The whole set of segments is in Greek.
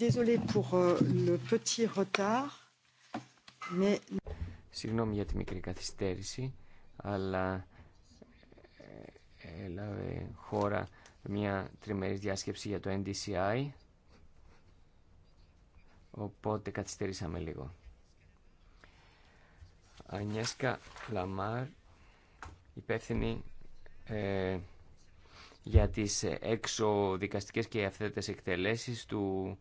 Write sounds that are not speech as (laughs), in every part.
Euh, Συγγνώμη για τη μικρή καθυστέρηση, αλλά ε, έλαβε χώρα μια τριμερή διάσκεψη για το NDCI, οπότε καθυστερήσαμε λίγο. Ανιέσκα Λαμάρ, υπεύθυνη ε, για τις ε, δικαστικές και αυθέτες εκτελέσεις του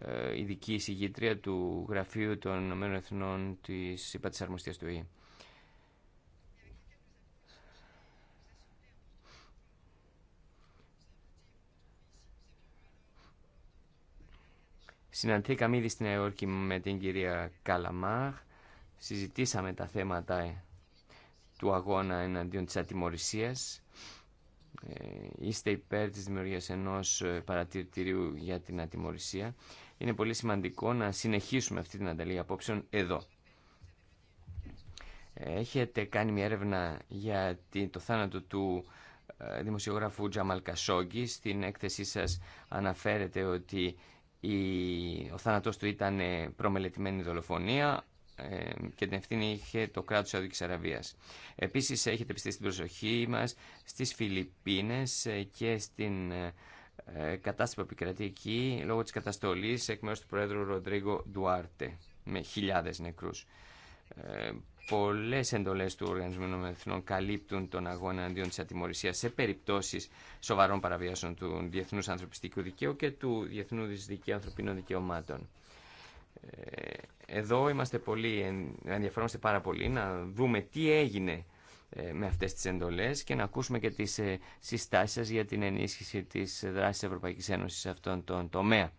ε, ειδική εισηγήτρια του Γραφείου των Ηνωμένων Εθνών της ΥΠΑ Αρμοστίας του ΙΕ. Συναντήκαμε ήδη στην Νέα με την κυρία Καλαμάχ. Συζητήσαμε τα θέματα του αγώνα εναντίον της ατιμορρησίας. Ε, είστε υπέρ της δημιουργίας ενός ε, παρατηρητηρίου για την ατιμορρησία είναι πολύ σημαντικό να συνεχίσουμε αυτή την ανταλλαγή απόψεων εδώ. Έχετε κάνει μια έρευνα για το θάνατο του ε, δημοσιογράφου Τζαμαλ Κασόγκη. Στην έκθεσή σας αναφέρετε ότι ο θάνατός του ήταν ε, προμελετημένη δολοφονία ε, και την ευθύνη είχε το κράτος της Αραβίας. Επίσης έχετε πιστεί στην προσοχή μας στις Φιλιππίνες και στην ε, κατάσταση που επικρατεί εκεί λόγω της καταστολής εκ μέρους του Πρόεδρου Ροντρίγκο Ντουάρτε με χιλιάδες νεκρούς. Ε, πολλές εντολές του ΟΕΕ καλύπτουν τον αγώνα αντίον της ατιμορρησίας σε περιπτώσεις σοβαρών παραβιάσεων του Διεθνούς Ανθρωπιστικού Δικαίου και του διεθνού Δικαίου Ανθρωπίνων Δικαιωμάτων. Ε, εδώ είμαστε πολύ, ενδιαφερόμαστε πάρα πολύ να δούμε τι έγινε ε, με αυτές τις εντολές και να ακούσουμε και τις ε, συστάσεις σας για την ενίσχυση της δράσης Ευρωπαϊκής Ένωσης σε αυτόν τον τομέα.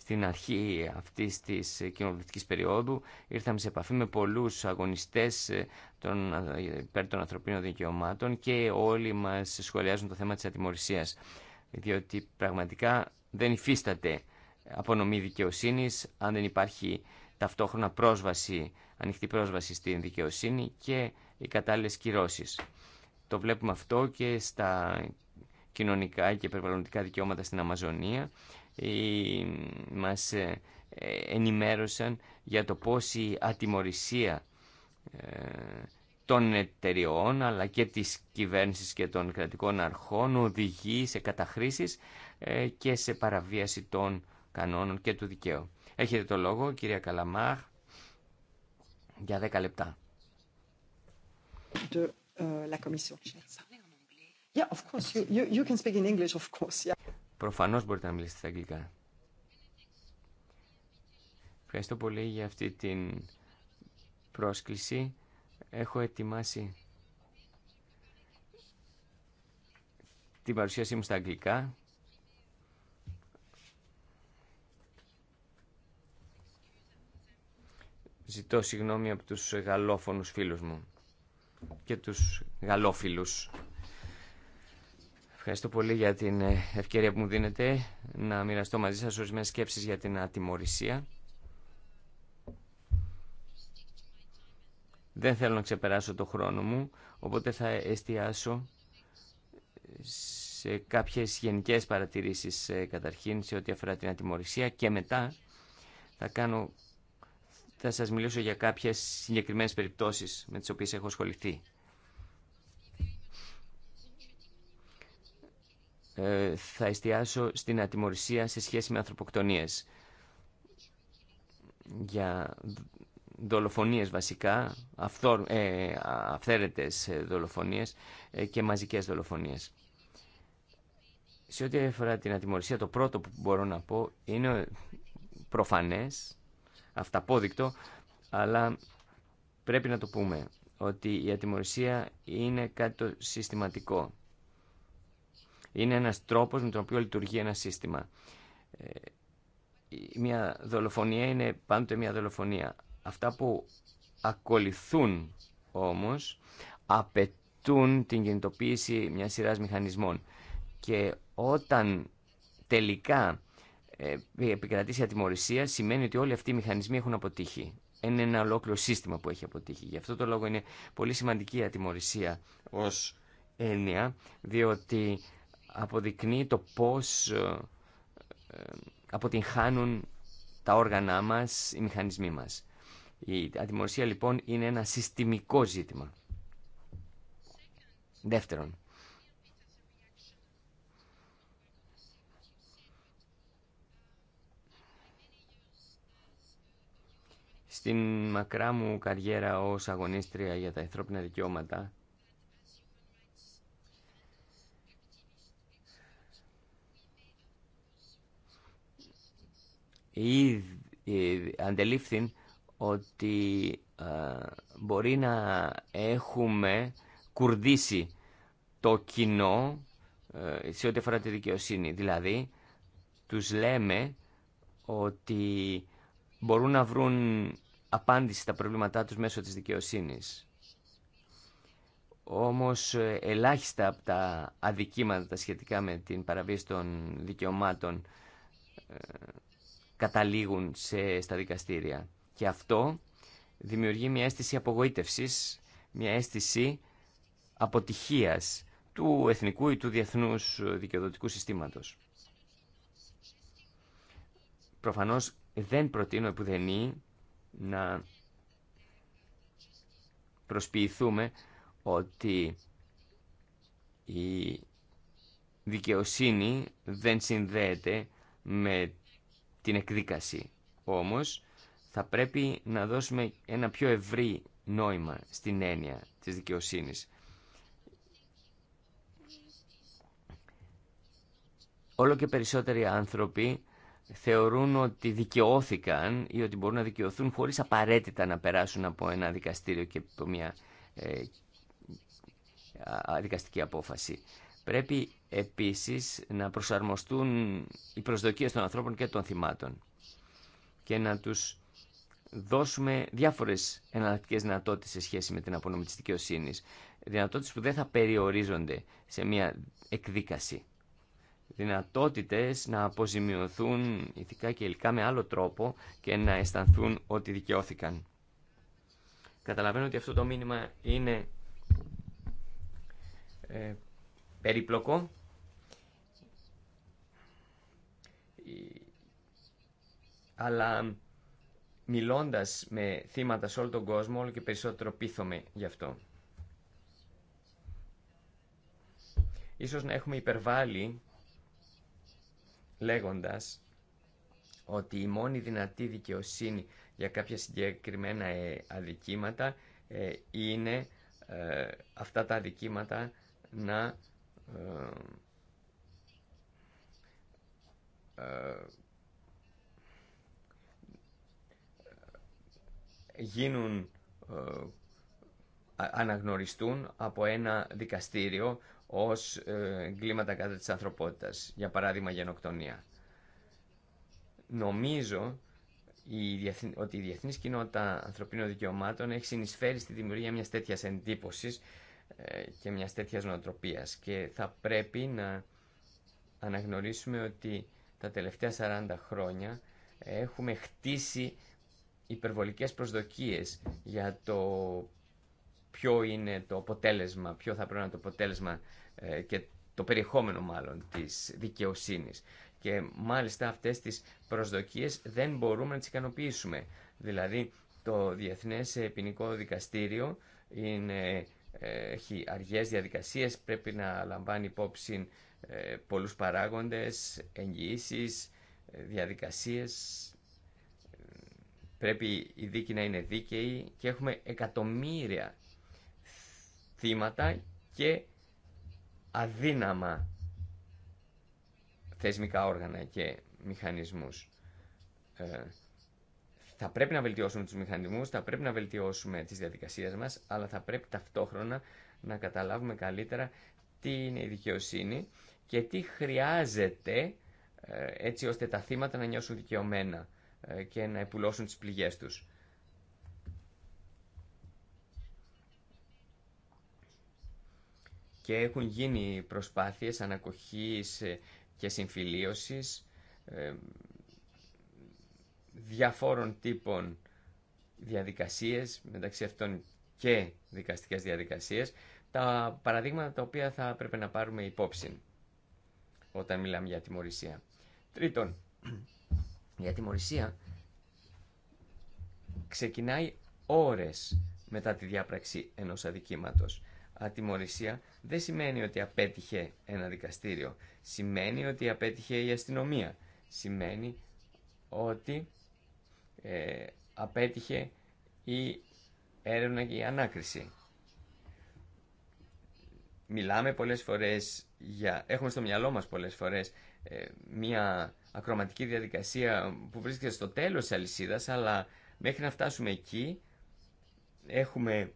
Στην αρχή αυτής της κοινοβουλευτικής περίοδου ήρθαμε σε επαφή με πολλούς αγωνιστές ε, των, υπέρ των ανθρωπίνων δικαιωμάτων και όλοι μας σχολιάζουν το θέμα της ατιμορρησίας, διότι πραγματικά δεν υφίσταται απονομή δικαιοσύνη αν δεν υπάρχει ταυτόχρονα πρόσβαση ανοιχτή πρόσβαση στην δικαιοσύνη και οι κατάλληλε κυρώσει. Το βλέπουμε αυτό και στα κοινωνικά και περιβαλλοντικά δικαιώματα στην Αμαζονία. Μας ε, ενημέρωσαν για το πώς η ατιμορρησία ε, των εταιριών αλλά και της κυβέρνησης και των κρατικών αρχών οδηγεί σε καταχρήσεις ε, και σε παραβίαση των κανόνων και του δικαίου. Έχετε το λόγο, κυρία Καλαμάχ, για 10 λεπτά. De, Προφανώς μπορείτε να μιλήσετε στα αγγλικά. Ευχαριστώ πολύ για αυτή την πρόσκληση. Έχω ετοιμάσει την παρουσίασή μου στα αγγλικά. Ζητώ συγγνώμη από τους γαλόφωνους φίλους μου και τους γαλόφιλους. Ευχαριστώ πολύ για την ε, ευκαιρία που μου δίνετε να μοιραστώ μαζί σας ορισμένες σκέψεις για την ατιμορρησία. Δεν θέλω να ξεπεράσω το χρόνο μου, οπότε θα εστιάσω σε κάποιες γενικές παρατηρήσεις ε, καταρχήν σε ό,τι αφορά την ατιμορρησία και μετά θα κάνω θα σας μιλήσω για κάποιες συγκεκριμένες περιπτώσεις με τις οποίες έχω ασχοληθεί. Ε, θα εστιάσω στην ατιμορρυσία σε σχέση με ανθρωποκτονίες. Για δολοφονίες βασικά, αυθόρ, ε, αυθαίρετες δολοφονίες ε, και μαζικές δολοφονίες. Σε ό,τι αφορά την ατιμορρυσία, το πρώτο που μπορώ να πω είναι προφανές αυταπόδεικτο, αλλά πρέπει να το πούμε ότι η ατιμορρησία είναι κάτι το συστηματικό. Είναι ένας τρόπος με τον οποίο λειτουργεί ένα σύστημα. Ε, μια δολοφονία είναι πάντοτε μια δολοφονία. Αυτά που ακολουθούν όμως απαιτούν την κινητοποίηση μια σειράς μηχανισμών. Και όταν τελικά η ε, επικρατήσει ατιμορρησία σημαίνει ότι όλοι αυτοί οι μηχανισμοί έχουν αποτύχει. Είναι ένα ολόκληρο σύστημα που έχει αποτύχει. Γι' αυτό το λόγο είναι πολύ σημαντική η ατιμορρησία ως έννοια, διότι αποδεικνύει το πώς ε, ε, αποτυγχάνουν τα όργανά μας, οι μηχανισμοί μας. Η ατιμορρησία λοιπόν είναι ένα συστημικό ζήτημα. Δεύτερον, Στην μακρά μου καριέρα ως αγωνίστρια για τα ανθρώπινα δικαιώματα ε, αντελήφθη ότι ε, μπορεί να έχουμε κουρδίσει το κοινό ε, σε ό,τι αφορά τη δικαιοσύνη. Δηλαδή, τους λέμε ότι μπορούν να βρουν απάντηση τα προβλήματά τους μέσω της δικαιοσύνης. Όμως ελάχιστα από τα αδικήματα σχετικά με την παραβίαση των δικαιωμάτων ε, καταλήγουν σε, στα δικαστήρια. Και αυτό δημιουργεί μια αίσθηση απογοήτευσης, μια αίσθηση αποτυχίας του εθνικού ή του διεθνούς δικαιοδοτικού συστήματος. Προφανώς δεν προτείνω επουδενή να προσποιηθούμε ότι η δικαιοσύνη δεν συνδέεται με την εκδίκαση. Όμως θα πρέπει να δώσουμε ένα πιο ευρύ νόημα στην έννοια της δικαιοσύνης. Όλο και περισσότεροι άνθρωποι θεωρούν ότι δικαιώθηκαν ή ότι μπορούν να δικαιωθούν χωρίς απαραίτητα να περάσουν από ένα δικαστήριο και από μια ε, δικαστική απόφαση. Πρέπει επίσης να προσαρμοστούν οι προσδοκίες των ανθρώπων και των θυμάτων και να τους δώσουμε διάφορες εναλλακτικές δυνατότητες σε σχέση με την απονομή της Δυνατότητες που δεν θα περιορίζονται σε μια εκδίκαση δυνατότητες να αποζημιωθούν ηθικά και υλικά με άλλο τρόπο και να αισθανθούν ότι δικαιώθηκαν. Καταλαβαίνω ότι αυτό το μήνυμα είναι ε, περίπλοκο. Αλλά μιλώντας με θύματα σε όλο τον κόσμο, όλο και περισσότερο πείθομαι γι' αυτό. Ίσως να έχουμε υπερβάλει λέγοντας ότι η μόνη δυνατή δικαιοσύνη για κάποια συγκεκριμένα ε, αδικήματα ε, είναι ε, αυτά τα αδικήματα να γίνουν αναγνωριστούν από ένα δικαστήριο ως ε, εγκλήματα κατά της ανθρωπότητας, για παράδειγμα γενοκτονία. Νομίζω ότι η διεθνής κοινότητα ανθρωπίνων δικαιωμάτων έχει συνεισφέρει στη δημιουργία μιας τέτοιας εντύπωσης ε, και μιας τέτοιας νοοτροπίας και θα πρέπει να αναγνωρίσουμε ότι τα τελευταία 40 χρόνια έχουμε χτίσει υπερβολικές προσδοκίες για το ποιο είναι το αποτέλεσμα, ποιο θα πρέπει να είναι το αποτέλεσμα ε, και το περιεχόμενο μάλλον της δικαιοσύνης. Και μάλιστα αυτές τις προσδοκίες δεν μπορούμε να τις ικανοποιήσουμε. Δηλαδή το Διεθνές Ποινικό Δικαστήριο είναι, ε, έχει αργές διαδικασίες, πρέπει να λαμβάνει υπόψη ε, πολλούς παράγοντες, εγγυήσει, διαδικασίες. Πρέπει η δίκη να είναι δίκαιη και έχουμε εκατομμύρια θύματα και αδύναμα θεσμικά όργανα και μηχανισμούς. Ε, θα πρέπει να βελτιώσουμε τους μηχανισμούς, θα πρέπει να βελτιώσουμε τις διαδικασίες μας, αλλά θα πρέπει ταυτόχρονα να καταλάβουμε καλύτερα τι είναι η δικαιοσύνη και τι χρειάζεται ε, έτσι ώστε τα θύματα να νιώσουν δικαιωμένα ε, και να επουλώσουν τις πληγές τους. και έχουν γίνει προσπάθειες ανακοχής ε, και συμφιλίωσης ε, διαφόρων τύπων διαδικασίες, μεταξύ αυτών και δικαστικές διαδικασίες, τα παραδείγματα τα οποία θα πρέπει να πάρουμε υπόψη όταν μιλάμε για τιμωρησία. Τρίτον, η (clears throat) ατιμορρησία ξεκινάει ώρες μετά τη διάπραξη ενός αδικήματος ατιμορρησία δεν σημαίνει ότι απέτυχε ένα δικαστήριο. Σημαίνει ότι απέτυχε η αστυνομία. Σημαίνει ότι ε, απέτυχε η έρευνα και η ανάκριση. Μιλάμε πολλές φορές για... Έχουμε στο μυαλό μας πολλές φορές ε, μια ακροματική διαδικασία που βρίσκεται στο τέλος της αλυσίδας, αλλά μέχρι να φτάσουμε εκεί έχουμε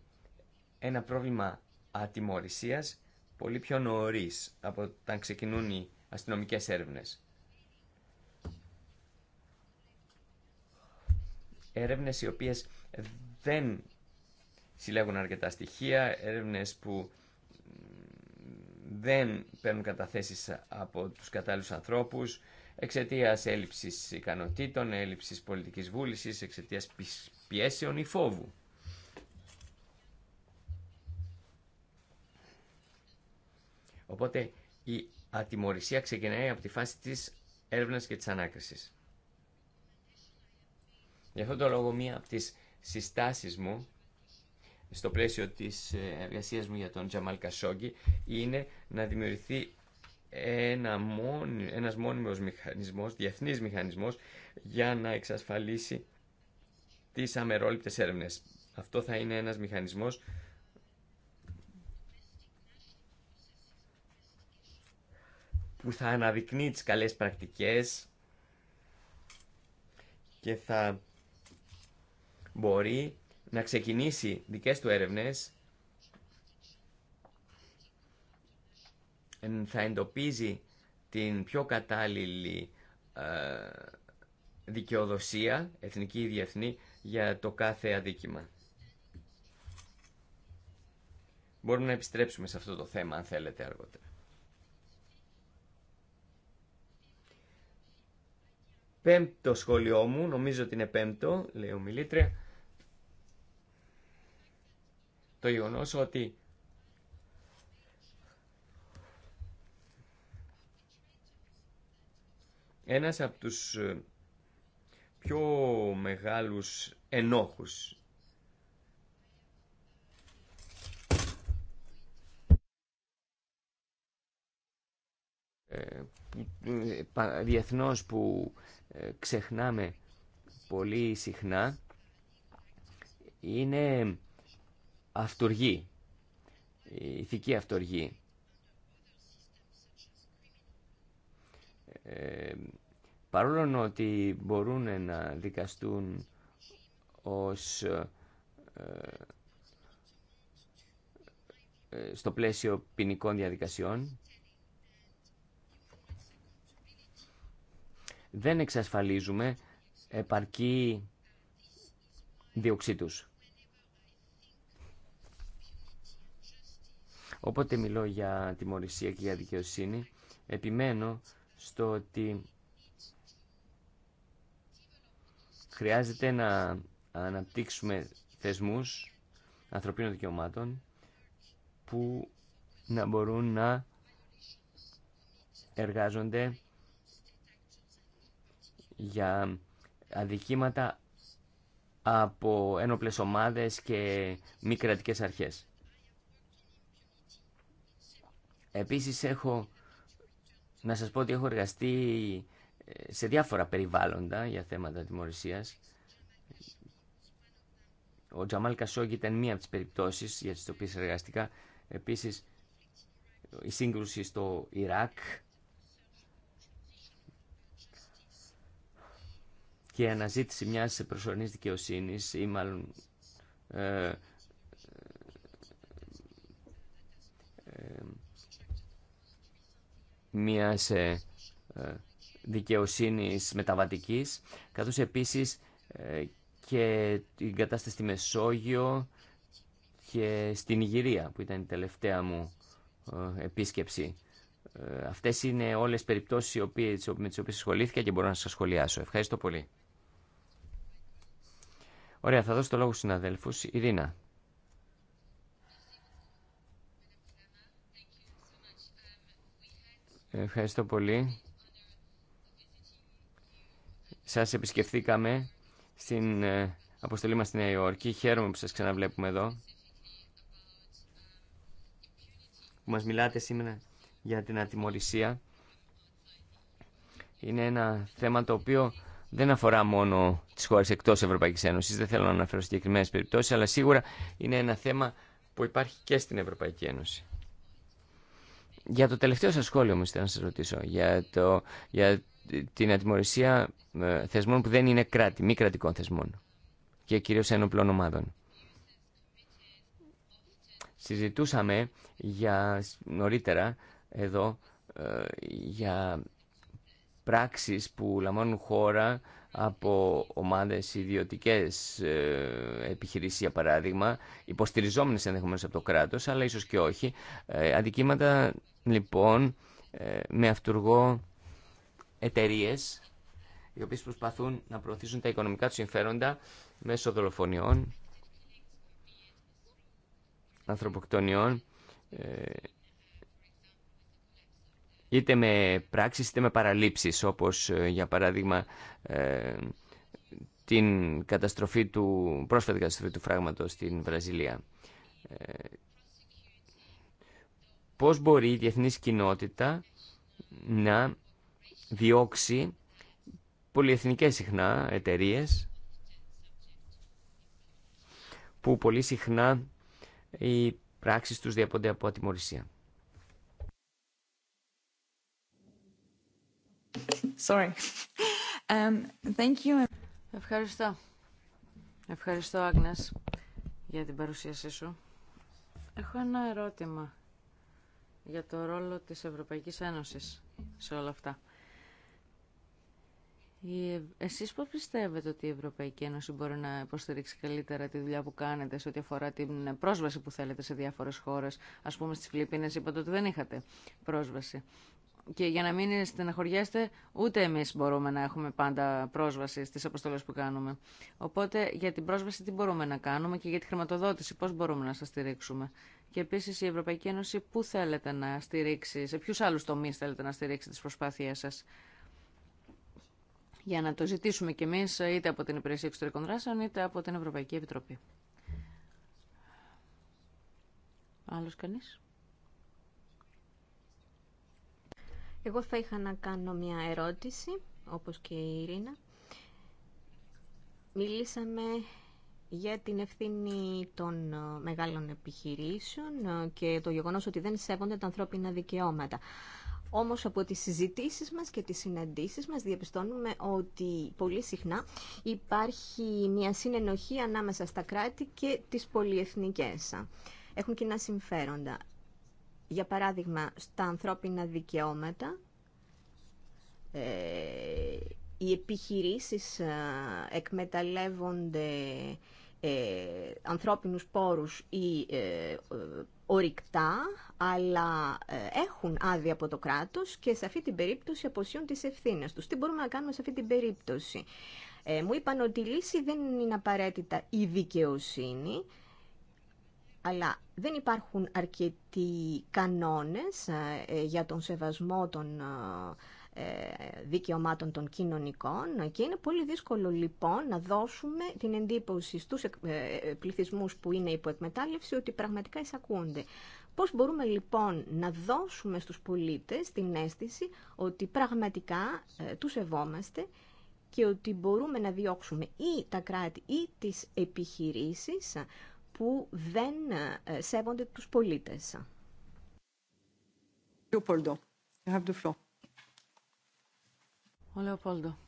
ένα πρόβλημα ατιμορρησίας πολύ πιο νωρί από όταν ξεκινούν οι αστυνομικές έρευνες. Έρευνες οι οποίες δεν συλλέγουν αρκετά στοιχεία, έρευνες που δεν παίρνουν καταθέσεις από τους κατάλληλους ανθρώπους, εξαιτία έλλειψη ικανοτήτων, έλλειψη πολιτική βούληση, εξαιτία πιέσεων ή φόβου. Οπότε η ατιμορρησία ξεκινάει από τη φάση της έρευνας και της ανάκρισης. Γι' αυτόν τον λόγο μία από τις συστάσεις μου στο πλαίσιο της ε, εργασίας μου για τον Τζαμάλ Κασόγκη είναι να δημιουργηθεί ένα μόνι, ένας μόνιμος μηχανισμός, διεθνής μηχανισμός για να εξασφαλίσει τις αμερόληπτες έρευνες. Αυτό θα είναι ένας μηχανισμός που θα αναδεικνύει τις καλές πρακτικές και θα μπορεί να ξεκινήσει δικές του έρευνες, θα εντοπίζει την πιο κατάλληλη ε, δικαιοδοσία, εθνική ή διεθνή, για το κάθε αδίκημα. Μπορούμε να επιστρέψουμε σε αυτό το θέμα, αν θέλετε, αργότερα. Πέμπτο σχολείο μου, νομίζω ότι είναι πέμπτο, λέει ο Μιλήτρια, το γεγονό ότι ένας από τους ε, πιο μεγάλους ενόχους ε, ε, διεθνώς που ε, ξεχνάμε πολύ συχνά είναι αυτοργή, ηθική αυτοργή. Ε, παρόλο ότι μπορούν να δικαστούν ως ε, ε, στο πλαίσιο ποινικών διαδικασιών δεν εξασφαλίζουμε επαρκή διοξίτους. Όποτε μιλώ για τιμωρησία και για δικαιοσύνη, επιμένω στο ότι χρειάζεται να αναπτύξουμε θεσμούς ανθρωπίνων δικαιωμάτων που να μπορούν να εργάζονται για αδικήματα από ένοπλες ομάδες και μη κρατικέ αρχές. Επίσης έχω να σας πω ότι έχω εργαστεί ε, σε διάφορα περιβάλλοντα για θέματα τιμωρησίας. Ο Τζαμάλ Κασόγγι ήταν μία από τις περιπτώσεις για τις οποίες εργαστικά. Επίσης η σύγκρουση στο Ιράκ και αναζήτηση μιας προσωρινής δικαιοσύνης ή μάλλον ε, ε, ε, μιας ε, δικαιοσύνης μεταβατικής, καθώς επίσης ε, και την κατάσταση στη Μεσόγειο και στην Ιγυρία, που ήταν η τελευταία μου ε, επίσκεψη. Αυτές είναι όλες οι περιπτώσεις με τις οποίες ασχολήθηκα και μπορώ να σας σχολιάσω. Ευχαριστώ πολύ. Ωραία, θα δώσω το λόγο στους συναδέλφους. Ειρήνα. Ευχαριστώ πολύ. Σας επισκεφθήκαμε στην ε, αποστολή μας στη Νέα Υόρκη. Χαίρομαι που σας ξαναβλέπουμε εδώ. Που μας μιλάτε σήμερα για την ατιμορρησία. Είναι ένα θέμα το οποίο δεν αφορά μόνο τις χώρες εκτός Ευρωπαϊκής Ένωσης, δεν θέλω να αναφέρω συγκεκριμένε περιπτώσεις, αλλά σίγουρα είναι ένα θέμα που υπάρχει και στην Ευρωπαϊκή Ένωση. Για το τελευταίο σας σχόλιο μου, θέλω να σας ρωτήσω, για, το, για την ατιμορρησία ε, θεσμών που δεν είναι κράτη, μη κρατικών θεσμών και κυρίως ενοπλών ομάδων. Συζητούσαμε για νωρίτερα εδώ ε, για πράξεις που λαμβάνουν χώρα από ομάδες ιδιωτικές ε, επιχειρήσεις για παράδειγμα υποστηριζόμενες ενδεχομένως από το κράτος αλλά ίσως και όχι ε, αντικείμενα λοιπόν ε, με αυτούργο εταιρείε οι οποίες προσπαθούν να προωθήσουν τα οικονομικά τους συμφέροντα μέσω δολοφονιών ανθρωποκτονιών είτε με πράξεις είτε με παραλήψεις όπως ε, για παράδειγμα ε, την καταστροφή του, πρόσφατη καταστροφή του φράγματος στην Βραζιλία. Ε, πώς μπορεί η διεθνής κοινότητα να διώξει πολυεθνικές συχνά εταιρείες που πολύ συχνά οι πράξεις τους διαπονται από ατιμορρησία. (laughs) Um, Ευχαριστώ. Ευχαριστώ, Άγνες, για την παρουσίασή σου. Έχω ένα ερώτημα για το ρόλο της Ευρωπαϊκής Ένωσης σε όλα αυτά. Εσείς πώς πιστεύετε ότι η Ευρωπαϊκή Ένωση μπορεί να υποστηρίξει καλύτερα τη δουλειά που κάνετε σε ό,τι αφορά την πρόσβαση που θέλετε σε διάφορες χώρες. Ας πούμε στις Φιλιππίνες είπατε ότι δεν είχατε πρόσβαση. Και για να μην στεναχωριέστε, ούτε εμεί μπορούμε να έχουμε πάντα πρόσβαση στι αποστολέ που κάνουμε. Οπότε για την πρόσβαση τι μπορούμε να κάνουμε και για τη χρηματοδότηση πώ μπορούμε να σα στηρίξουμε. Και επίση η Ευρωπαϊκή Ένωση πού θέλετε να στηρίξει, σε ποιου άλλου τομεί θέλετε να στηρίξει τι προσπάθειέ σα. Για να το ζητήσουμε κι εμεί είτε από την Υπηρεσία Εξωτερικών Δράσεων είτε από την Ευρωπαϊκή Επιτροπή. Άλλος κανείς. Εγώ θα είχα να κάνω μια ερώτηση, όπως και η Ειρήνα. Μιλήσαμε για την ευθύνη των ε, μεγάλων επιχειρήσεων ε, και το γεγονός ότι δεν σέβονται τα ανθρώπινα δικαιώματα. Όμως από τις συζητήσεις μας και τις συναντήσεις μας διαπιστώνουμε ότι πολύ συχνά υπάρχει μια συνενοχή ανάμεσα στα κράτη και τις πολυεθνικές. Έχουν κοινά συμφέροντα για παράδειγμα, στα ανθρώπινα δικαιώματα, ε, οι επιχειρήσεις ε, εκμεταλλεύονται ε, ανθρώπινους πόρους ή ορυκτά, αλλά έχουν άδεια από το κράτος και σε αυτή την περίπτωση αποσύουν τις ευθύνες τους. Τι μπορούμε να κάνουμε σε αυτή την περίπτωση. Ε, μου είπαν ότι η λύση δεν είναι απαραίτητα η δικαιοσύνη, αλλά δεν υπάρχουν αρκετοί κανόνες ε, ε, για τον σεβασμό των ε, δικαιωμάτων των κοινωνικών και είναι πολύ δύσκολο λοιπόν να δώσουμε την εντύπωση στους πληθυσμούς που είναι υποεκμετάλλευση ότι πραγματικά εισακούνται. Πώς μπορούμε λοιπόν να δώσουμε στους πολίτες την αίσθηση ότι πραγματικά τους σεβόμαστε και ότι μπορούμε να διώξουμε ή τα κράτη ή τις επιχειρήσεις που δεν ε, σέβονται τους πολίτες. you have the Ο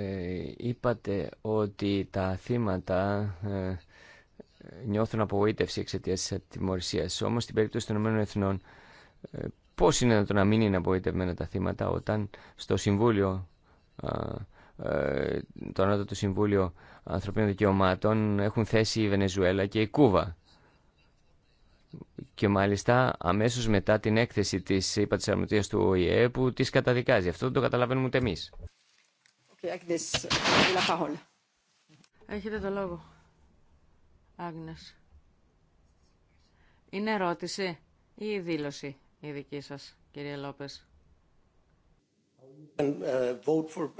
Ε, είπατε ότι τα θύματα ε, νιώθουν απογοήτευση εξαιτία τη τιμωρησία. Όμω στην περίπτωση των ΗΠΑ Εθνών ε, πώ είναι το να μην είναι απογοητευμένα τα θύματα όταν στο Συμβούλιο ε, το Ανώτατο Συμβούλιο Ανθρωπίνων Δικαιωμάτων έχουν θέσει η Βενεζουέλα και η Κούβα. Και μάλιστα αμέσως μετά την έκθεση της είπα του ΟΗΕ που τις καταδικάζει. Αυτό δεν το καταλαβαίνουμε ούτε εμείς. Έχετε το λόγο, Άγνες. Είναι ερώτηση ή δήλωση η δική σας, κύριε Λόπες. Uh, vote for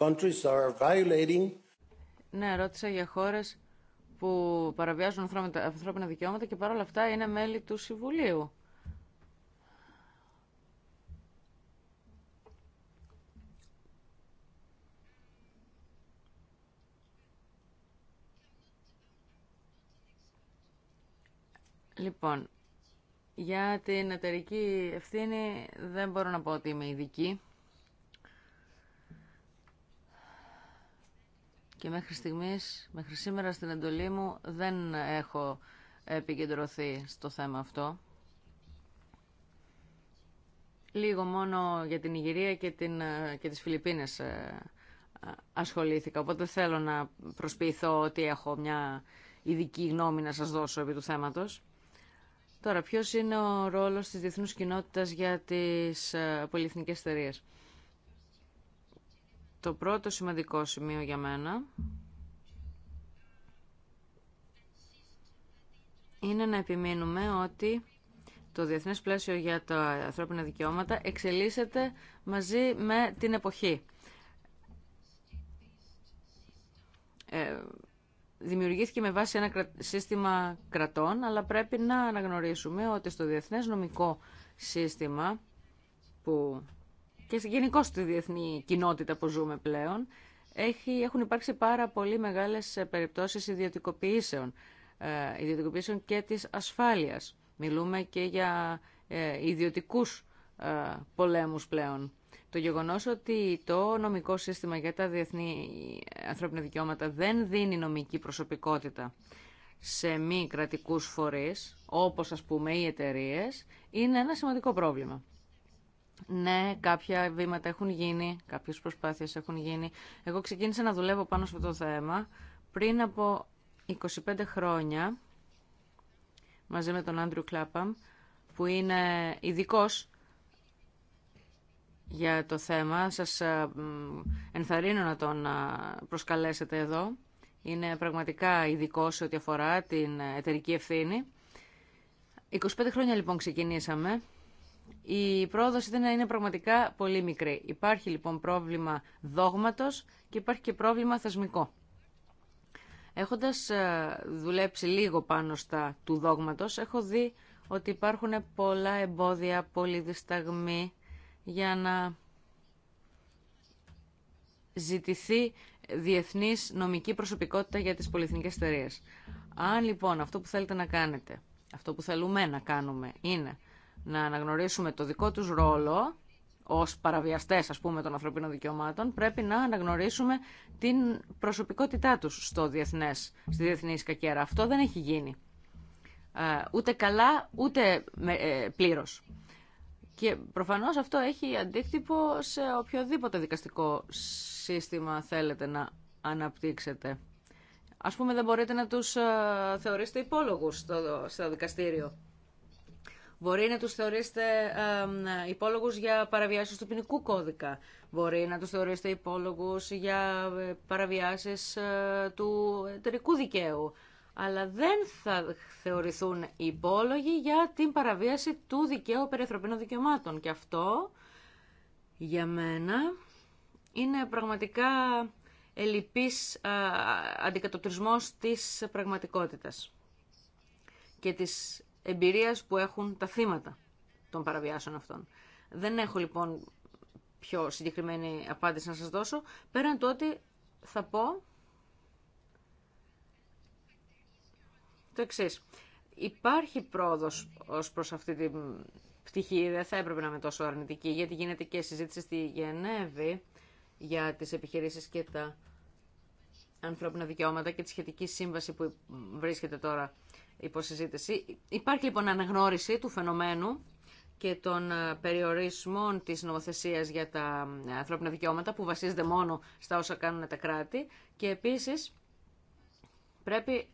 uh, Ναι, ρώτησα για χώρε που παραβιάζουν ανθρώπινα δικαιώματα και παρόλα αυτά είναι μέλη του Συμβουλίου. Λοιπόν, για την εταιρική ευθύνη δεν μπορώ να πω ότι είμαι ειδική. και μέχρι στιγμής, μέχρι σήμερα στην εντολή μου δεν έχω επικεντρωθεί στο θέμα αυτό. Λίγο μόνο για την Ιγυρία και, την, ε, και τις Φιλιππίνες ε, ασχολήθηκα, οπότε θέλω να προσποιηθώ ότι έχω μια ειδική γνώμη να σας δώσω επί του θέματος. Τώρα, ποιος είναι ο ρόλος της διεθνούς κοινότητας για τις ε, πολυεθνικές εταιρείε. Το πρώτο σημαντικό σημείο για μένα είναι να επιμείνουμε ότι το διεθνές πλαίσιο για τα ανθρώπινα δικαιώματα εξελίσσεται μαζί με την εποχή. Ε, δημιουργήθηκε με βάση ένα σύστημα κρατών, αλλά πρέπει να αναγνωρίσουμε ότι στο διεθνές νομικό σύστημα που και γενικώ στη διεθνή κοινότητα που ζούμε πλέον, έχει, έχουν υπάρξει πάρα πολύ μεγάλες ε, περιπτώσεις ιδιωτικοποιήσεων, ε, ιδιωτικοποιήσεων και της ασφάλειας. Μιλούμε και για ε, ιδιωτικούς ε, πολέμους πλέον. Το γεγονός ότι το νομικό σύστημα για τα διεθνή ανθρώπινα δικαιώματα δεν δίνει νομική προσωπικότητα σε μη κρατικούς φορείς, όπως ας πούμε οι εταιρείε, είναι ένα σημαντικό πρόβλημα. Ναι, κάποια βήματα έχουν γίνει, κάποιε προσπάθειες έχουν γίνει. Εγώ ξεκίνησα να δουλεύω πάνω σε αυτό το θέμα πριν από 25 χρόνια, μαζί με τον Άντριου Κλάπαμ, που είναι ειδικό για το θέμα. Σας ενθαρρύνω να τον προσκαλέσετε εδώ. Είναι πραγματικά ειδικό σε ό,τι αφορά την εταιρική ευθύνη. 25 χρόνια λοιπόν ξεκινήσαμε η πρόοδος ήταν να είναι πραγματικά πολύ μικρή. Υπάρχει λοιπόν πρόβλημα δόγματος και υπάρχει και πρόβλημα θεσμικό. Έχοντας ε, δουλέψει λίγο πάνω στα του δόγματος, έχω δει ότι υπάρχουν πολλά εμπόδια, πολλοί δισταγμοί για να ζητηθεί διεθνής νομική προσωπικότητα για τις πολυεθνικές εταιρείε. Αν λοιπόν αυτό που θέλετε να κάνετε, αυτό που θέλουμε να κάνουμε είναι να αναγνωρίσουμε το δικό τους ρόλο ως παραβιαστές ας πούμε των ανθρωπίνων δικαιωμάτων πρέπει να αναγνωρίσουμε την προσωπικότητά τους στο διεθνές, στη διεθνή σκακέρα. Αυτό δεν έχει γίνει. Ε, ούτε καλά ούτε ε, πλήρως. Και προφανώς αυτό έχει αντίκτυπο σε οποιοδήποτε δικαστικό σύστημα θέλετε να αναπτύξετε. Ας πούμε δεν μπορείτε να τους ε, θεωρήσετε υπόλογους στο δικαστήριο Μπορεί να τους θεωρήσετε ε, για παραβιάσεις του ποινικού κώδικα. Μπορεί να τους θεωρήσετε υπόλογους για ε, παραβιάσεις ε, του εταιρικού δικαίου. Αλλά δεν θα θεωρηθούν υπόλογοι για την παραβίαση του δικαίου περί δικαιωμάτων. Και αυτό για μένα είναι πραγματικά ελλειπής ε, της πραγματικότητας και της εμπειρίας που έχουν τα θύματα των παραβιάσεων αυτών. Δεν έχω λοιπόν πιο συγκεκριμένη απάντηση να σας δώσω. Πέραν το ότι θα πω το εξή. Υπάρχει πρόοδος ως προς αυτή την πτυχή, δεν θα έπρεπε να είμαι τόσο αρνητική, γιατί γίνεται και συζήτηση στη Γενέβη για τις επιχειρήσεις και τα ανθρώπινα δικαιώματα και τη σχετική σύμβαση που βρίσκεται τώρα Υπάρχει λοιπόν αναγνώριση του φαινομένου και των ε, περιορισμών της νομοθεσίας για τα ε, ανθρώπινα δικαιώματα που βασίζεται μόνο στα όσα κάνουν τα κράτη και επίσης πρέπει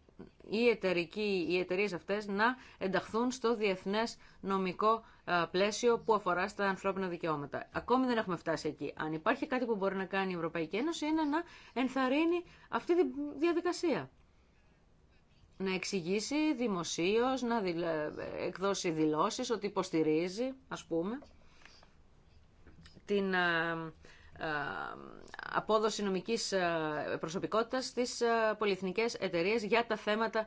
οι, εταιρικοί, οι εταιρείες αυτές να ενταχθούν στο διεθνές νομικό ε, πλαίσιο που αφορά στα ανθρώπινα δικαιώματα. Ακόμη δεν έχουμε φτάσει εκεί. Αν υπάρχει κάτι που μπορεί να κάνει η Ευρωπαϊκή Ένωση είναι να ενθαρρύνει αυτή τη διαδικασία να εξηγήσει δημοσίως, να ε, εκδώσει δηλώσεις ότι υποστηρίζει, ας πούμε, την ε, ε, απόδοση νομικής προσωπικότητας στις πολυεθνικές εταιρείες για τα θέματα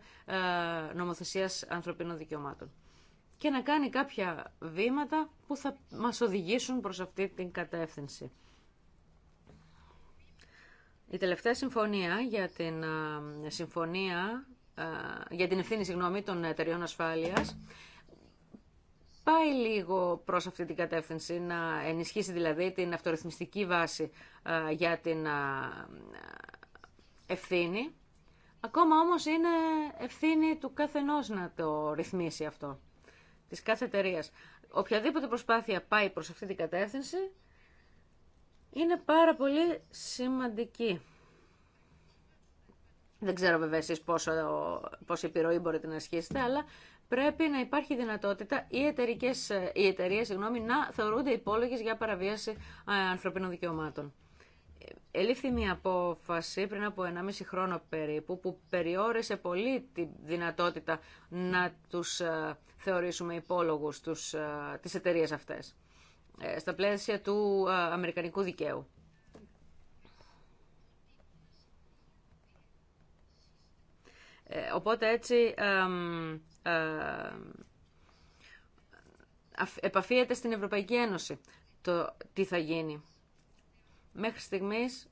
νομοθεσίας ανθρωπίνων δικαιωμάτων και να κάνει κάποια βήματα που θα μας οδηγήσουν προς αυτή την κατεύθυνση. Η τελευταία συμφωνία για την συμφωνία για την ευθύνη συγγνώμη, των εταιριών ασφάλειας πάει λίγο προς αυτή την κατεύθυνση, να ενισχύσει δηλαδή την αυτορυθμιστική βάση για την ευθύνη. Ακόμα όμως είναι ευθύνη του καθενός να το ρυθμίσει αυτό, της κάθε εταιρεία. Οποιαδήποτε προσπάθεια πάει προς αυτή την κατεύθυνση είναι πάρα πολύ σημαντική. Δεν ξέρω βέβαια εσείς πόσο, πόσο επιρροή μπορείτε να ασχίσετε, αλλά πρέπει να υπάρχει δυνατότητα οι, εταιρικές, οι εταιρείες να θεωρούνται υπόλογες για παραβίαση ε, ανθρωπίνων δικαιωμάτων. Ελήφθη μια απόφαση πριν από 1,5 χρόνο περίπου που περιόρισε πολύ τη δυνατότητα να τους ε, θεωρήσουμε υπόλογους τους, ε, τις εταιρείες αυτές στα πλαίσια του Αμερικανικού δικαίου. Ε, οπότε έτσι ε, επαφίεται στην Ευρωπαϊκή Ένωση το τι θα γίνει. Μέχρι στιγμής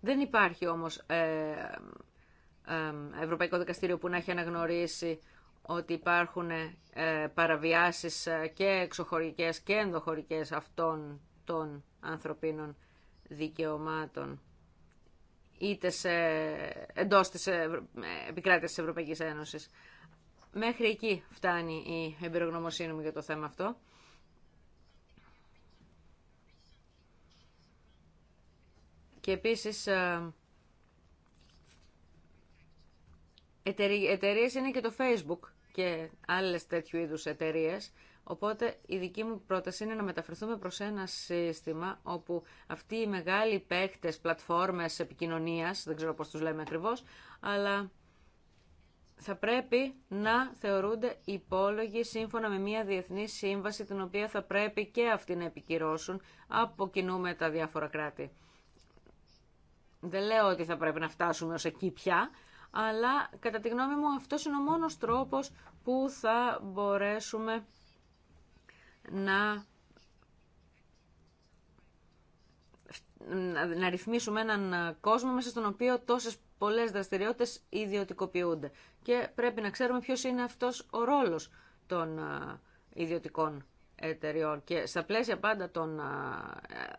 δεν υπάρχει όμως ε, Ευρωπαϊκό Δικαστήριο που να έχει αναγνωρίσει ότι υπάρχουν παραβιάσεις και εξωχωρικές και ενδοχωρικές αυτών των ανθρωπίνων δικαιωμάτων είτε σε, εντός της ε, επικράτησης της Ευρωπαϊκής Ένωσης. Μέχρι εκεί φτάνει η εμπειρογνωμοσύνη μου για το θέμα αυτό. Και επίσης ε, εταιρείε είναι και το Facebook και άλλες τέτοιου είδους εταιρείες Οπότε η δική μου πρόταση είναι να μεταφερθούμε προς ένα σύστημα όπου αυτοί οι μεγάλοι παίχτες, πλατφόρμες επικοινωνίας, δεν ξέρω πώς τους λέμε ακριβώς, αλλά θα πρέπει να θεωρούνται υπόλογοι σύμφωνα με μια διεθνή σύμβαση την οποία θα πρέπει και αυτοί να επικυρώσουν από κοινού με τα διάφορα κράτη. Δεν λέω ότι θα πρέπει να φτάσουμε ως εκεί πια, αλλά κατά τη γνώμη μου αυτός είναι ο μόνος τρόπος που θα μπορέσουμε να να ρυθμίσουμε έναν κόσμο μέσα στον οποίο τόσες πολλές δραστηριότητες ιδιωτικοποιούνται. Και πρέπει να ξέρουμε ποιος είναι αυτός ο ρόλος των ιδιωτικών εταιριών. Και στα πλαίσια πάντα των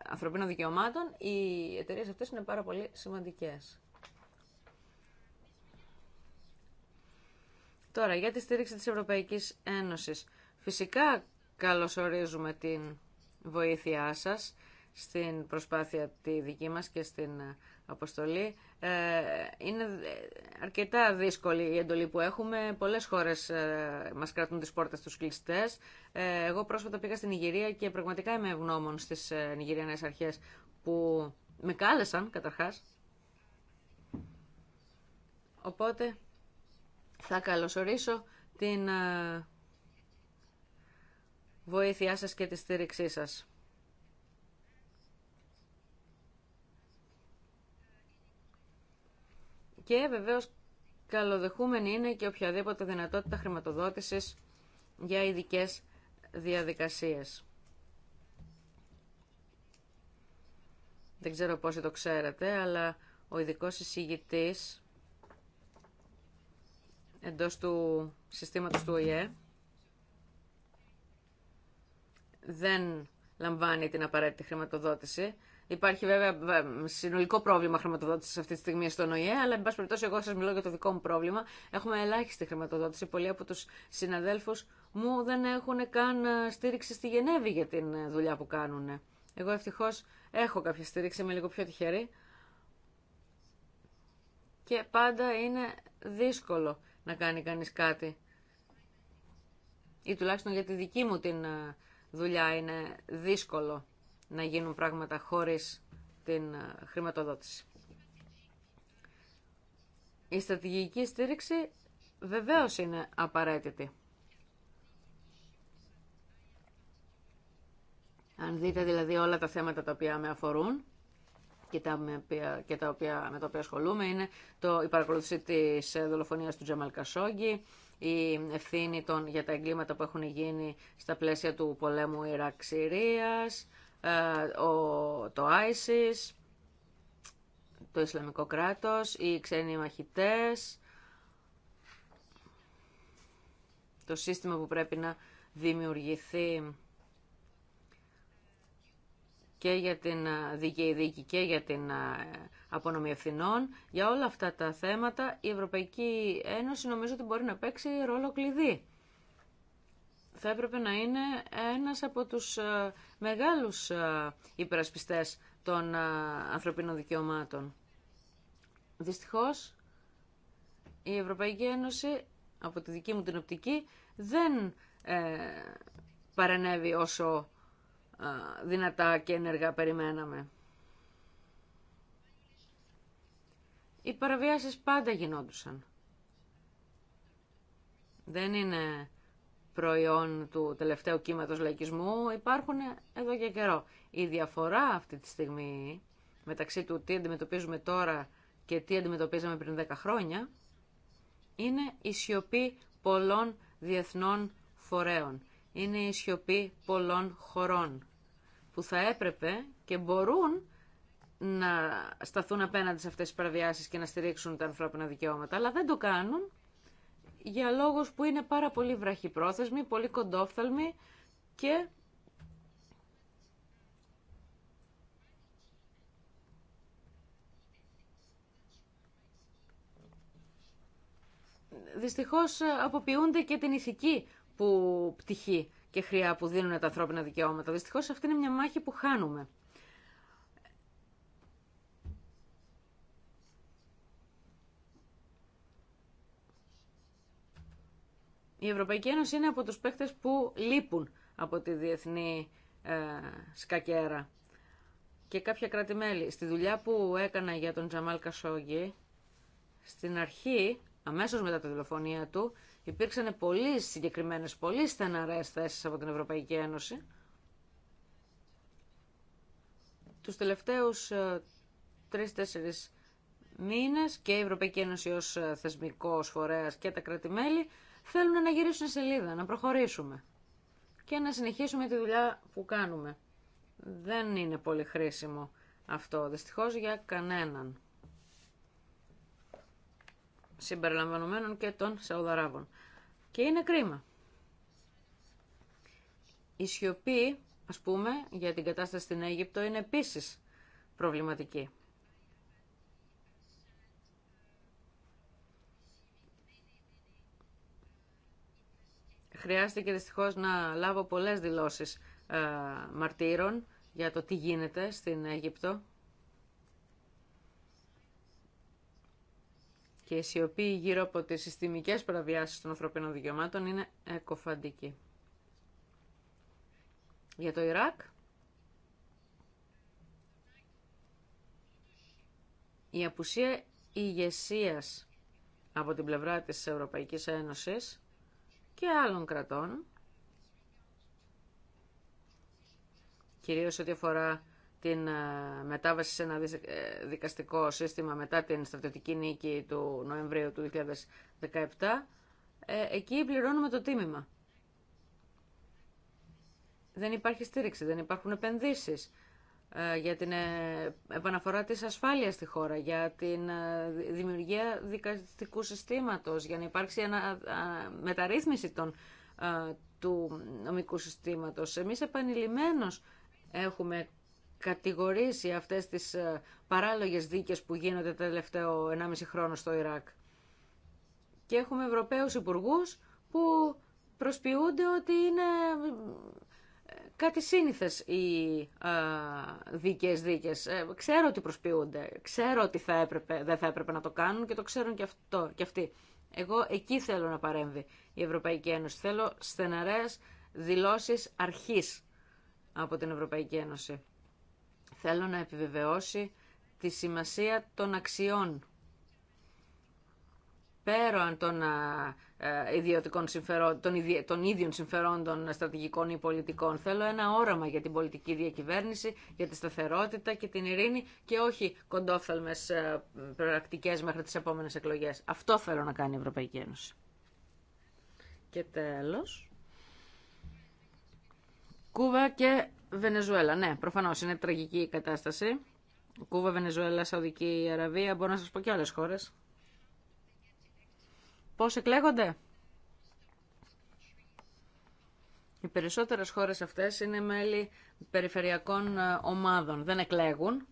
ανθρωπίνων δικαιωμάτων, οι εταιρείες αυτές είναι πάρα πολύ σημαντικές. Τώρα, για τη στήριξη της Ευρωπαϊκής Ένωσης. Φυσικά Καλωσορίζουμε την βοήθειά σας στην προσπάθεια τη δική μας και στην ε, αποστολή. Ε, είναι αρκετά δύσκολη η εντολή που έχουμε. Πολλές χώρες ε, μας κρατούν τις πόρτες τους κλειστές. Εγώ πρόσφατα πήγα στην Ιγυρία και πραγματικά είμαι ευγνώμων στις Νιγηριανές αρχές που με κάλεσαν καταρχάς. Οπότε θα καλωσορίσω την βοήθειά σας και τη στήριξή σας. Και βεβαίως καλοδεχούμενη είναι και οποιαδήποτε δυνατότητα χρηματοδότησης για ειδικέ διαδικασίες. Δεν ξέρω πόσοι το ξέρετε, αλλά ο ειδικό εισηγητής εντός του συστήματος του ΟΗΕ δεν λαμβάνει την απαραίτητη χρηματοδότηση. Υπάρχει βέβαια συνολικό πρόβλημα χρηματοδότηση αυτή τη στιγμή στον ΟΗΕ, αλλά εν πάση περιπτώσει εγώ σα μιλώ για το δικό μου πρόβλημα. Έχουμε ελάχιστη χρηματοδότηση. Πολλοί από του συναδέλφου μου δεν έχουν καν ε, στήριξη στη Γενέβη για την ε, δουλειά που κάνουν. Εγώ ευτυχώ έχω κάποια στήριξη, είμαι λίγο πιο τυχερή. Και πάντα είναι δύσκολο να κάνει κανείς κάτι. Ή τουλάχιστον για τη δική μου την ε, δουλειά. Είναι δύσκολο να γίνουν πράγματα χωρίς την ε, χρηματοδότηση. Η στρατηγική στήριξη βεβαίως είναι απαραίτητη. Αν δείτε δηλαδή όλα τα θέματα τα οποία με αφορούν και τα, με, τα οποία, με τα οποία ασχολούμαι είναι το, η παρακολούθηση της δολοφονίας του Τζαμαλ Κασόγγι, η ευθύνη των, για τα εγκλήματα που έχουν γίνει στα πλαίσια του πολέμου Ιραξηρίας, ε, το ISIS, το Ισλαμικό κράτος, οι ξένοι μαχητές, το σύστημα που πρέπει να δημιουργηθεί και για την ε, δίκαιη δίκη και για την ε, απονομή ευθυνών. Για όλα αυτά τα θέματα η Ευρωπαϊκή Ένωση νομίζω ότι μπορεί να παίξει ρόλο κλειδί. Θα έπρεπε να είναι ένας από τους ε, μεγάλους ε, υπερασπιστές των ε, ανθρωπίνων δικαιωμάτων. Δυστυχώς, η Ευρωπαϊκή Ένωση, από τη δική μου την οπτική, δεν ε, όσο δυνατά και ενεργά περιμέναμε. οι παραβιάσεις πάντα γινόντουσαν. Δεν είναι προϊόν του τελευταίου κύματος λαϊκισμού, υπάρχουν εδώ και καιρό. Η διαφορά αυτή τη στιγμή μεταξύ του τι αντιμετωπίζουμε τώρα και τι αντιμετωπίζαμε πριν 10 χρόνια είναι η σιωπή πολλών διεθνών φορέων. Είναι η σιωπή πολλών χωρών που θα έπρεπε και μπορούν να σταθούν απέναντι σε αυτές τις παραβιάσεις και να στηρίξουν τα ανθρώπινα δικαιώματα, αλλά δεν το κάνουν για λόγους που είναι πάρα πολύ βραχυπρόθεσμοι, πολύ κοντόφθαλμοι και δυστυχώς αποποιούνται και την ηθική που πτυχή και χρειά που δίνουν τα ανθρώπινα δικαιώματα. Δυστυχώς αυτή είναι μια μάχη που χάνουμε. Η Ευρωπαϊκή Ένωση είναι από τους παίκτες που λείπουν από τη διεθνή ε, σκακέρα. Και κάποια κράτη-μέλη. Στη δουλειά που έκανα για τον Τζαμάλ Κασόγγι, στην αρχή, αμέσως μετά τη δολοφονία του, υπήρξαν πολύ συγκεκριμένες, πολύ στεναρές θέσεις από την Ευρωπαϊκή Ένωση. Τους τελευταίους ε, τρεις-τέσσερις μήνες και η Ευρωπαϊκή Ένωση ως ε, θεσμικός φορέας και τα κρατη θέλουν να γυρίσουν σελίδα, να προχωρήσουμε και να συνεχίσουμε τη δουλειά που κάνουμε. Δεν είναι πολύ χρήσιμο αυτό, δυστυχώς για κανέναν. Συμπεριλαμβανομένων και των Σαουδαράβων. Και είναι κρίμα. Η σιωπή, ας πούμε, για την κατάσταση στην Αίγυπτο είναι επίσης προβληματική. χρειάστηκε δυστυχώς να λάβω πολλές δηλώσεις ε, μαρτύρων για το τι γίνεται στην Αίγυπτο. Και η σιωπή γύρω από τις συστημικές παραβιάσεις των ανθρωπίνων δικαιωμάτων είναι εκοφαντική. Για το Ιράκ, η απουσία ηγεσίας από την πλευρά της Ευρωπαϊκής Ένωσης και άλλων κρατών, κυρίως ό,τι αφορά την ε, μετάβαση σε ένα ε, δικαστικό σύστημα μετά την στρατιωτική νίκη του Νοεμβρίου του 2017, ε, εκεί πληρώνουμε το τίμημα. Δεν υπάρχει στήριξη, δεν υπάρχουν επενδύσεις, ε, για την ε, επαναφορά της ασφάλειας στη χώρα, για την ε, δημιουργία δικαστικού συστήματος, για να υπάρξει ένα, μεταρρύθμιση των, του νομικού συστήματος. Εμείς επανειλημμένως έχουμε κατηγορήσει αυτές τις παράλογες δίκες που γίνονται τελευταίο 1,5 χρόνο στο Ιράκ. Και έχουμε Ευρωπαίους υπουργού που προσποιούνται ότι είναι κάτι σύνηθες οι δίκαιε ε, ξέρω ότι προσποιούνται, ξέρω ότι θα έπρεπε, δεν θα έπρεπε να το κάνουν και το ξέρουν και, αυτό, και αυτοί. Εγώ εκεί θέλω να παρέμβει η Ευρωπαϊκή Ένωση. Θέλω στεναρέ δηλώσεις αρχής από την Ευρωπαϊκή Ένωση. Θέλω να επιβεβαιώσει τη σημασία των αξιών. Πέραν το να ε, ιδιωτικών των, των ίδιων συμφερόντων στρατηγικών ή πολιτικών. Θέλω ένα όραμα για την πολιτική διακυβέρνηση, για τη σταθερότητα και την ειρήνη και όχι κοντόφθαλμες ε, πρακτικές μέχρι τις επόμενες εκλογές. Αυτό θέλω να κάνει η Ευρωπαϊκή Ένωση. Και τέλος... Κούβα και Βενεζουέλα. Ναι, προφανώς είναι τραγική η κατάσταση. Κούβα, Βενεζουέλα, Σαουδική Αραβία, μπορώ να σας πω και άλλες χώρες πώς εκλέγονται. Οι περισσότερες χώρες αυτές είναι μέλη περιφερειακών ε, ομάδων. Δεν εκλέγουν.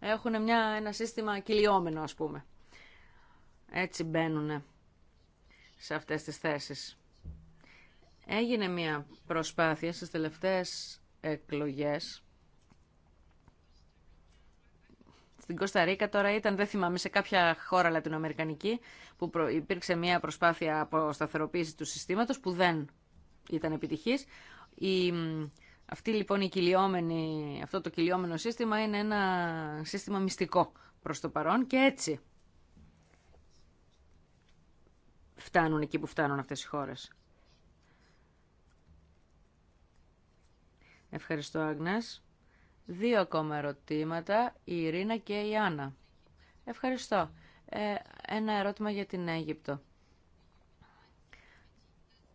Έχουν μια, ένα σύστημα κυλιόμενο, ας πούμε. Έτσι μπαίνουν σε αυτές τις θέσεις. Έγινε μια προσπάθεια στις τελευταίες εκλογές Στην Κωνσταντίνα τώρα ήταν, δεν θυμάμαι, σε κάποια χώρα λατινοαμερικανική που υπήρξε μια προσπάθεια αποσταθεροποίηση του συστήματο που δεν ήταν επιτυχη. Η, αυτή λοιπόν η κυλιόμενη, αυτό το κυλιόμενο σύστημα είναι ένα σύστημα μυστικό προς το παρόν και έτσι φτάνουν εκεί που φτάνουν αυτές οι χώρες. Ευχαριστώ Άγνας. Δύο ακόμα ερωτήματα, η Ειρήνα και η Άννα. Ευχαριστώ. Ε, ένα ερώτημα για την Αίγυπτο.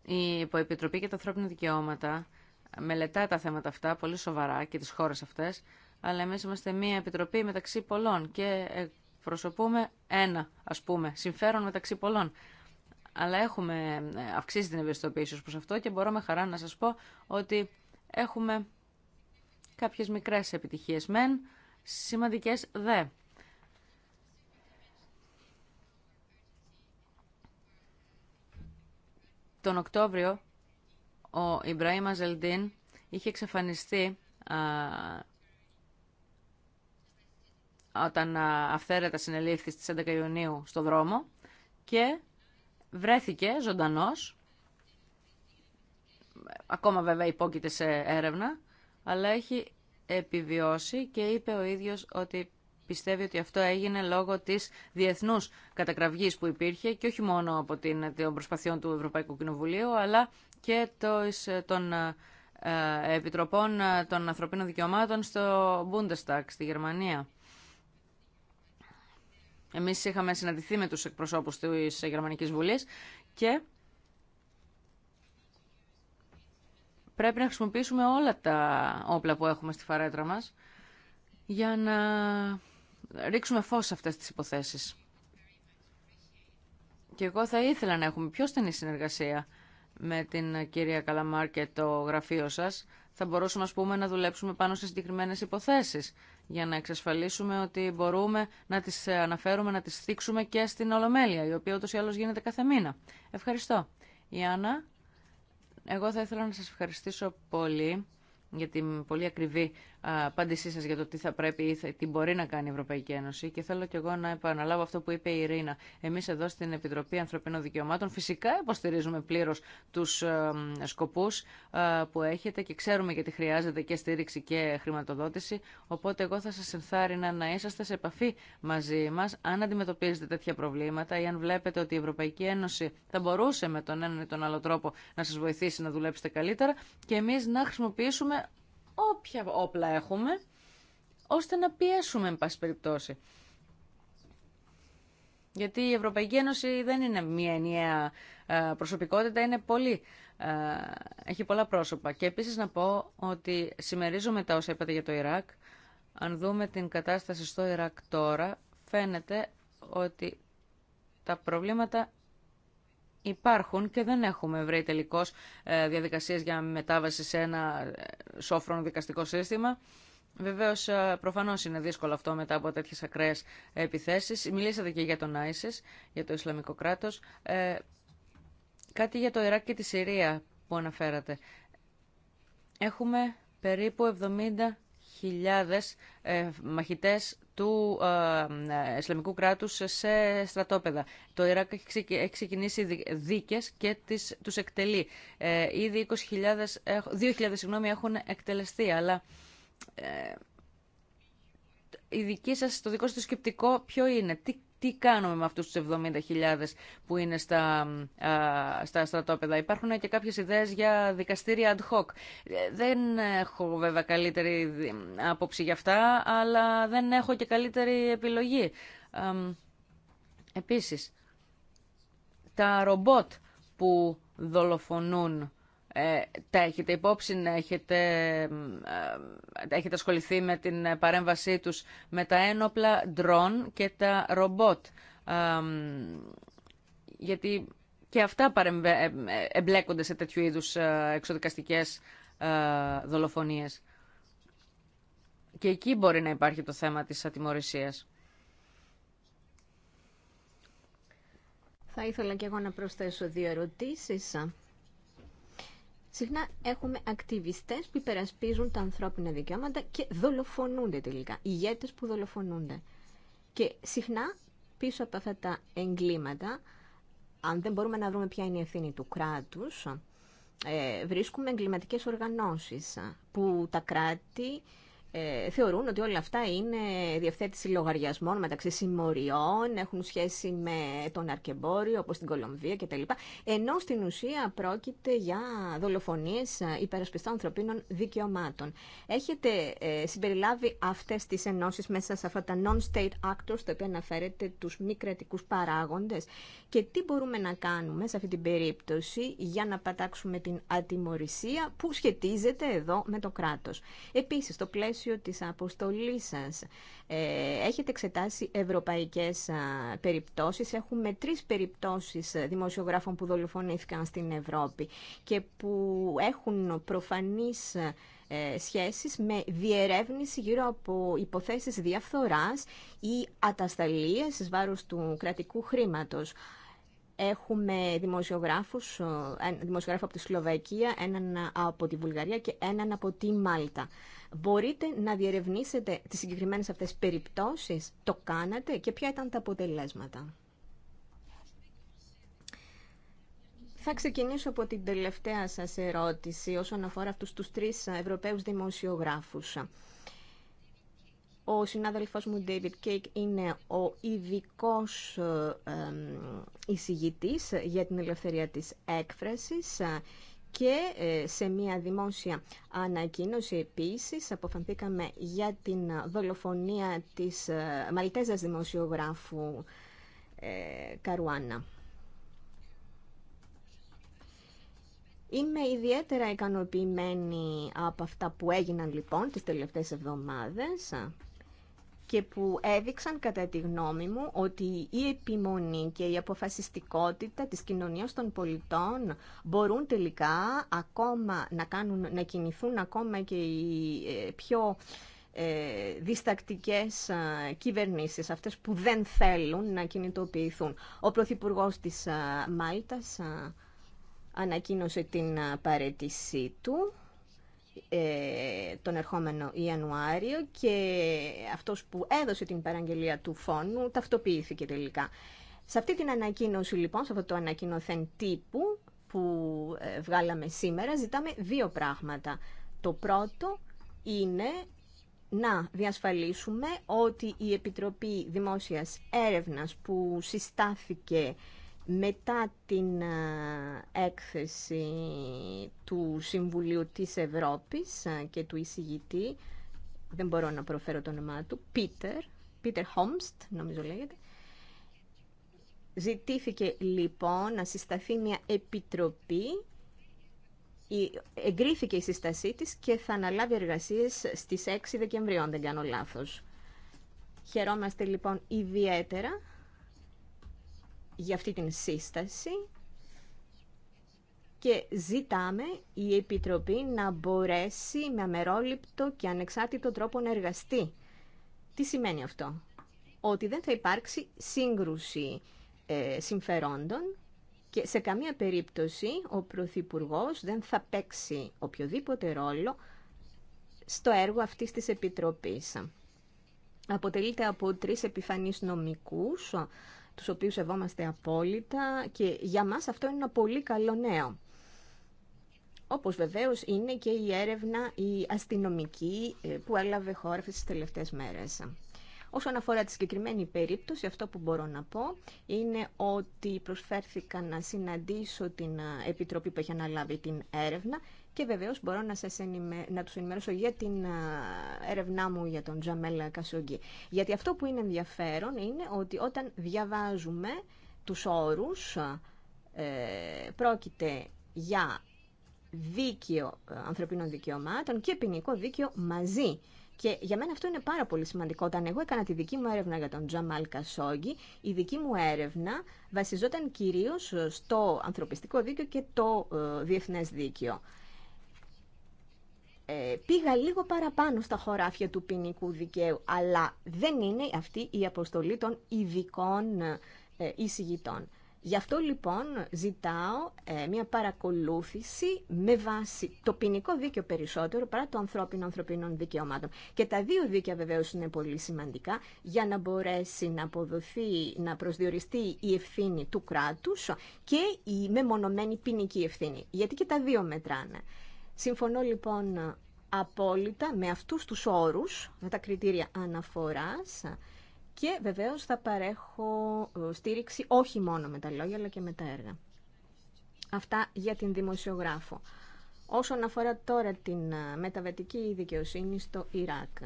Η Επιτροπή για τα Ανθρώπινα Δικαιώματα μελετά τα θέματα αυτά πολύ σοβαρά και τις χώρες αυτές, αλλά εμείς είμαστε μία επιτροπή μεταξύ πολλών και προσωπούμε ένα, ας πούμε, συμφέρον μεταξύ πολλών. Αλλά έχουμε αυξήσει την ευαισθητοποίηση προς αυτό και μπορώ με χαρά να σας πω ότι έχουμε Κάποιες μικρές επιτυχίες μεν, σημαντικές δε. Τον Οκτώβριο ο Ιμπραήμα Ζελντίν είχε εξαφανιστεί όταν α, αυθαίρετα συνελήφθη στις 11 Ιουνίου στο δρόμο και βρέθηκε ζωντανός, ακόμα βέβαια υπόκειται σε έρευνα, αλλά έχει επιβιώσει και είπε ο ίδιος ότι πιστεύει ότι αυτό έγινε λόγω της διεθνούς κατακραυγής που υπήρχε και όχι μόνο από την, την προσπαθειών του Ευρωπαϊκού Κοινοβουλίου, αλλά και των ε, Επιτροπών ε, των Ανθρωπίνων Δικαιωμάτων στο Bundestag, στη Γερμανία. Εμείς είχαμε συναντηθεί με τους εκπροσώπους της Γερμανικής Βουλής και πρέπει να χρησιμοποιήσουμε όλα τα όπλα που έχουμε στη φαρέτρα μας για να ρίξουμε φως σε αυτές τις υποθέσεις. Και εγώ θα ήθελα να έχουμε πιο στενή συνεργασία με την κυρία Καλαμάρ και το γραφείο σας. Θα μπορούσαμε, ας πούμε, να δουλέψουμε πάνω σε συγκεκριμένες υποθέσεις για να εξασφαλίσουμε ότι μπορούμε να τις αναφέρουμε, να τις θίξουμε και στην Ολομέλεια, η οποία ούτως ή άλλως γίνεται κάθε μήνα. Ευχαριστώ. Η Άννα εγώ θα ήθελα να σας ευχαριστήσω πολύ για την πολύ ακριβή απάντησή σα για το τι θα πρέπει ή τι μπορεί να κάνει η Ευρωπαϊκή Ένωση και θέλω κι εγώ να επαναλάβω αυτό που είπε η Ειρήνα. Εμείς εδώ στην Επιτροπή Ανθρωπίνων Δικαιωμάτων φυσικά υποστηρίζουμε πλήρως τους ε, σκοπούς ε, που έχετε και ξέρουμε η ειρηνα Εμεί εδω στην επιτροπη ανθρωπινων δικαιωματων χρειάζεται και στήριξη και χρηματοδότηση. Οπότε εγώ θα σα ενθάρρυνα να είσαστε σε επαφή μαζί μα αν αντιμετωπίζετε τέτοια προβλήματα ή αν βλέπετε ότι η Ευρωπαϊκή Ένωση θα μπορούσε με τον έναν ή τον άλλο τρόπο να σα βοηθήσει να δουλέψετε καλύτερα και εμεί να χρησιμοποιήσουμε όποια όπλα έχουμε, ώστε να πιέσουμε, εν πάση περιπτώσει. Γιατί η Ευρωπαϊκή Ένωση δεν είναι μία ενιαία ε, προσωπικότητα, είναι πολύ, ε, έχει πολλά πρόσωπα. Και επίσης να πω ότι συμμερίζομαι τα όσα είπατε για το Ιράκ. Αν δούμε την κατάσταση στο Ιράκ τώρα, φαίνεται ότι τα προβλήματα υπάρχουν και δεν έχουμε βρει τελικώ ε, διαδικασίες για μετάβαση σε ένα ε, σόφρον δικαστικό σύστημα. Βεβαίω, ε, προφανώ είναι δύσκολο αυτό μετά από τέτοιε ακραίε επιθέσει. Μιλήσατε και για τον Άισι, για το Ισλαμικό κράτο. Ε, κάτι για το Ιράκ και τη Συρία που αναφέρατε. Έχουμε περίπου 70 ε, Μαχητέ του ε, ε, Ισλαμικού κράτου σε στρατόπεδα. Το Ιράκ έχει ξεκινήσει δίκες και τις, τους εκτελεί. ήδη 20.000, 2.000 συγγνώμη, έχουν εκτελεστεί, αλλά η δική σας, το δικό σας σκεπτικό ποιο είναι, τι τι κάνουμε με αυτούς τους 70.000 που είναι στα, στα στρατόπεδα. Υπάρχουν και κάποιες ιδέες για δικαστήρια ad hoc. Ε, δεν έχω βέβαια καλύτερη άποψη για αυτά, αλλά δεν έχω και καλύτερη επιλογή. Επίσης, τα ρομπότ που δολοφονούν ε, τα έχετε υπόψη, έχετε, ε, έχετε ασχοληθεί με την παρέμβασή τους με τα ένοπλα ντρόν και τα ρομπότ. Ε, γιατί και αυτά ε, εμπλέκονται σε τέτοιου είδους εξοδικαστικές δολοφονίες. Και εκεί μπορεί να υπάρχει το θέμα της ατιμορρησίας. Θα ήθελα και εγώ να προσθέσω δύο ερωτήσεις συχνά έχουμε ακτιβιστές που υπερασπίζουν τα ανθρώπινα δικαιώματα και δολοφονούνται τελικά, ηγέτες που δολοφονούνται. Και συχνά πίσω από αυτά τα εγκλήματα, αν δεν μπορούμε να βρούμε ποια είναι η ευθύνη του κράτους, ε, βρίσκουμε εγκληματικές οργανώσεις που τα κράτη ε, θεωρούν ότι όλα αυτά είναι διευθέτηση λογαριασμών μεταξύ συμμοριών, έχουν σχέση με τον αρκεμπόριο όπως στην Κολομβία κτλ. Ενώ στην ουσία πρόκειται για δολοφονίες ε, υπερασπιστών ανθρωπίνων δικαιωμάτων. Έχετε ε, συμπεριλάβει αυτές τις ενώσεις μέσα σε αυτά τα non-state actors, τα οποία αναφέρεται τους μη κρατικού παράγοντες και τι μπορούμε να κάνουμε σε αυτή την περίπτωση για να πατάξουμε την ατιμορρησία που σχετίζεται εδώ με το κράτος. Επίσης, το πλαίσιο πλαίσιο της αποστολής σας. Ε, έχετε εξετάσει ευρωπαϊκές περιπτώσεις. Έχουμε τρεις περιπτώσεις δημοσιογράφων που δολοφονήθηκαν στην Ευρώπη και που έχουν προφανείς ε, σχέσεις με διερεύνηση γύρω από υποθέσεις διαφθοράς ή ατασταλίες βάρος του κρατικού χρήματος. Έχουμε δημοσιογράφους, δημοσιογράφο από τη Σλοβακία, έναν από τη Βουλγαρία και έναν από τη Μάλτα. Μπορείτε να διερευνήσετε τις συγκεκριμένες αυτές περιπτώσεις, το κάνατε και ποια ήταν τα αποτελέσματα. Θα ξεκινήσω από την τελευταία σας ερώτηση όσον αφορά αυτούς τους τρεις Ευρωπαίους δημοσιογράφους. Ο συνάδελφός μου David Cake είναι ο ειδικό ε, εισηγητής για την ελευθερία της έκφρασης ε, και ε, σε μια δημόσια ανακοίνωση επίσης αποφανθήκαμε για την δολοφονία της Μαλτέζας δημοσιογράφου Καρουάνα. Είμαι ιδιαίτερα ικανοποιημένη από αυτά που έγιναν λοιπόν τις τελευταίες εβδομάδες και που έδειξαν κατά τη γνώμη μου ότι η επιμονή και η αποφασιστικότητα της κοινωνίας των πολιτών μπορούν τελικά ακόμα να, κάνουν, να κινηθούν ακόμα και οι ε, πιο ε, διστακτικές ε, κυβερνήσεις, αυτές που δεν θέλουν να κινητοποιηθούν. Ο Πρωθυπουργό της Μάλτας ανακοίνωσε την παρέτησή του ε, τον ερχόμενο Ιανουάριο και αυτός που έδωσε την παραγγελία του φόνου ταυτοποιήθηκε τελικά. Σε αυτή την ανακοίνωση λοιπόν, σε αυτό το ανακοινωθέν τύπου που ε, βγάλαμε σήμερα, ζητάμε δύο πράγματα. Το πρώτο είναι να διασφαλίσουμε ότι η Επιτροπή Δημόσιας Έρευνας που συστάθηκε μετά την ε, έκθεση του Συμβουλίου της Ευρώπης ε, και του εισηγητή, δεν μπορώ να προφέρω το όνομά του, Πίτερ, Πίτερ Χόμστ, νομίζω λέγεται, ζητήθηκε λοιπόν να συσταθεί μια επιτροπή εγκρίθηκε η σύστασή της και θα αναλάβει εργασίες στις 6 Δεκεμβρίου, αν δεν κάνω λάθος. Χαιρόμαστε λοιπόν ιδιαίτερα για αυτή την σύσταση και ζητάμε η Επιτροπή να μπορέσει με αμερόληπτο και ανεξάρτητο τρόπο να εργαστεί. Τι σημαίνει αυτό. Ότι δεν θα υπάρξει σύγκρουση ε, συμφερόντων και σε καμία περίπτωση ο Πρωθυπουργό δεν θα παίξει οποιοδήποτε ρόλο στο έργο αυτής της Επιτροπής. Αποτελείται από τρεις επιφανείς νομικούς, τους οποίους σεβόμαστε απόλυτα και για μας αυτό είναι ένα πολύ καλό νέο. Όπως βεβαίως είναι και η έρευνα η αστυνομική ε, που έλαβε χώρα αυτές τις τελευταίες μέρες. Όσον αφορά τη συγκεκριμένη περίπτωση, αυτό που μπορώ να πω είναι ότι προσφέρθηκα να συναντήσω την ε, Επιτροπή που έχει αναλάβει την έρευνα και βεβαίως μπορώ να, σας τους ενημερώσω για την έρευνά μου για τον Τζαμέλ Κασόγγι. Γιατί αυτό που είναι ενδιαφέρον είναι ότι όταν διαβάζουμε τους όρους, ε, πρόκειται για δίκαιο ε, ανθρωπίνων δικαιωμάτων και ποινικό δίκαιο μαζί. Και για μένα αυτό είναι πάρα πολύ σημαντικό. Όταν εγώ έκανα τη δική μου έρευνα για τον Τζαμάλ Κασόγγι, η δική μου έρευνα βασιζόταν κυρίως στο ανθρωπιστικό δίκαιο και το ε, διεθνές δίκαιο. Ε, πήγα λίγο παραπάνω στα χωράφια του ποινικού δικαίου, αλλά δεν είναι αυτή η αποστολή των ειδικών ε, εισηγητών. Γι' αυτό λοιπόν ζητάω ε, μια παρακολούθηση με βάση το ποινικό δίκαιο περισσότερο παρά το ανθρώπινο ανθρωπίνων δικαιωμάτων. Και τα δύο δίκαια βεβαίως είναι πολύ σημαντικά για να μπορέσει να αποδοθεί, να προσδιοριστεί η ευθύνη του κράτους και η μεμονωμένη ποινική ευθύνη. Γιατί και τα δύο μετράνε. Συμφωνώ λοιπόν απόλυτα με αυτούς τους όρους, με τα κριτήρια αναφοράς και βεβαίως θα παρέχω ε, στήριξη όχι μόνο με τα λόγια αλλά και με τα έργα. Αυτά για την δημοσιογράφο. Όσον αφορά τώρα την ε, μεταβατική δικαιοσύνη στο Ιράκ.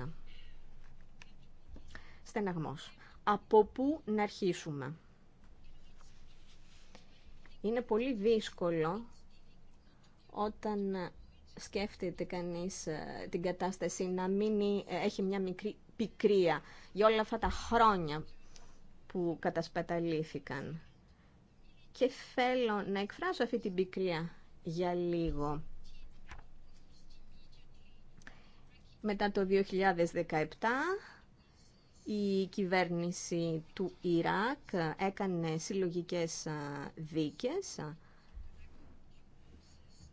Στεναγμός. Από πού να αρχίσουμε. Είναι πολύ δύσκολο όταν σκέφτεται κανείς ε, την κατάσταση να μην ε, έχει μια μικρή πικρία για όλα αυτά τα χρόνια που κατασπαταλήθηκαν. Και θέλω να εκφράσω αυτή την πικρία για λίγο. Μετά το 2017 η κυβέρνηση του Ιράκ έκανε συλλογικές ε, δίκες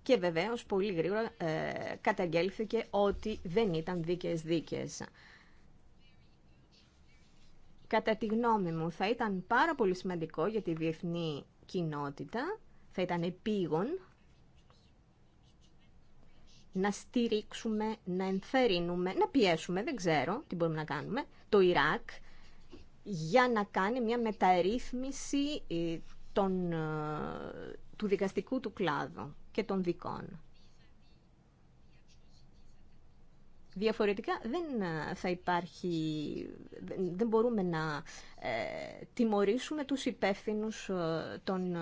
και βεβαίως πολύ γρήγορα ε, καταγγέλθηκε ότι δεν ήταν δίκαιες δίκες. Κατά τη γνώμη μου θα ήταν πάρα πολύ σημαντικό για τη διεθνή κοινότητα, θα ήταν επίγον να στηρίξουμε, να ενθαρρύνουμε, να πιέσουμε, δεν ξέρω τι μπορούμε να κάνουμε, το Ιράκ για να κάνει μια μεταρρύθμιση ε, των, ε, του δικαστικού του κλάδου και των δικών. Διαφορετικά δεν ε, θα υπάρχει, δεν μπορούμε να ε, τιμωρήσουμε τους υπεύθυνους ε, των ε,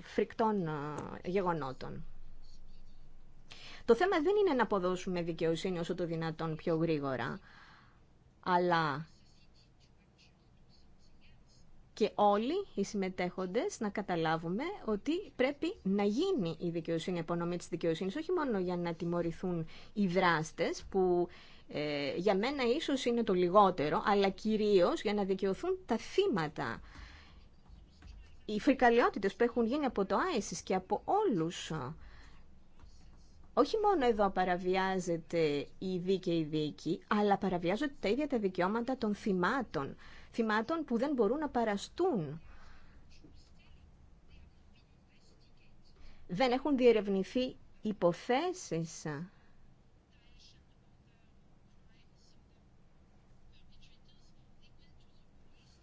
φρικτών ε, γεγονότων. Το θέμα δεν είναι να αποδώσουμε δικαιοσύνη όσο το δυνατόν πιο γρήγορα, αλλά και όλοι οι συμμετέχοντες να καταλάβουμε ότι πρέπει να γίνει η δικαιοσύνη, η απονομή της δικαιοσύνης, όχι μόνο για να τιμωρηθούν οι δράστες που ε, για μένα ίσως είναι το λιγότερο, αλλά κυρίως για να δικαιωθούν τα θύματα. Οι φρικαλιότητες που έχουν γίνει από το ΆΕΣΙΣ και από όλους όχι μόνο εδώ παραβιάζεται η δίκαιη δίκη, αλλά παραβιάζονται τα ίδια τα δικαιώματα των θυμάτων θυμάτων που δεν μπορούν να παραστούν. Δεν έχουν διερευνηθεί υποθέσεις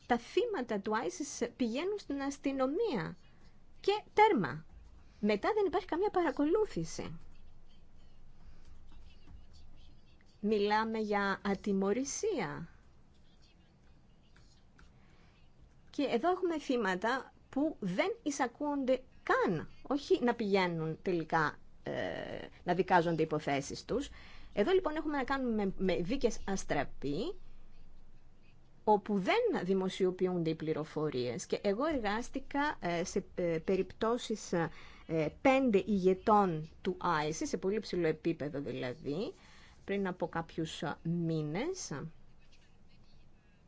τα θύματα του ISIS πηγαίνουν στην αστυνομία και τέρμα. Μετά δεν υπάρχει καμία παρακολούθηση. Μιλάμε για ατιμορρησία. Και εδώ έχουμε θύματα που δεν εισακούονται καν, όχι να πηγαίνουν τελικά ε, να δικάζονται οι υποθέσεις τους. Εδώ λοιπόν έχουμε να κάνουμε με, δίκες αστραπή, όπου δεν δημοσιοποιούνται οι πληροφορίες. Και εγώ εργάστηκα ε, σε ε, περιπτώσεις πέντε ηγετών του ΆΕΣΙ, σε πολύ ψηλό επίπεδο δηλαδή, πριν από κάποιους μήνες.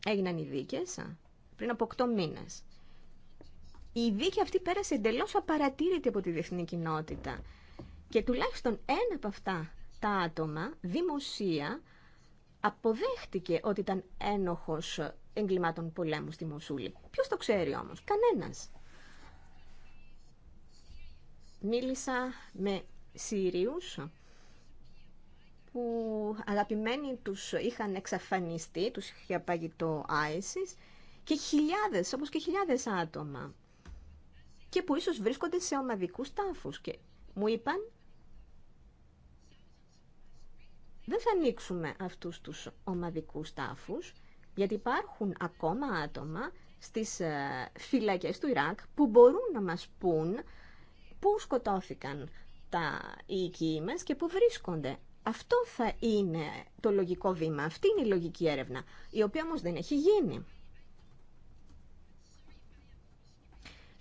Έγιναν οι δίκες πριν από 8 μήνες. Η δίκη αυτή πέρασε εντελώ απαρατήρητη από τη διεθνή κοινότητα και τουλάχιστον ένα από αυτά τα άτομα δημοσία αποδέχτηκε ότι ήταν ένοχος εγκλημάτων πολέμου στη Μοσούλη. Ποιο το ξέρει όμως, κανένας. Μίλησα με Σύριους που αγαπημένοι τους είχαν εξαφανιστεί, τους είχε απάγει το και χιλιάδες, όπως και χιλιάδες άτομα και που ίσως βρίσκονται σε ομαδικούς τάφους και μου είπαν δεν θα ανοίξουμε αυτούς τους ομαδικούς τάφους γιατί υπάρχουν ακόμα άτομα στις ε, φυλακές του Ιράκ που μπορούν να μας πούν πού σκοτώθηκαν τα οικοί μας και πού βρίσκονται. Αυτό θα είναι το λογικό βήμα, αυτή είναι η λογική έρευνα, η οποία όμως δεν έχει γίνει.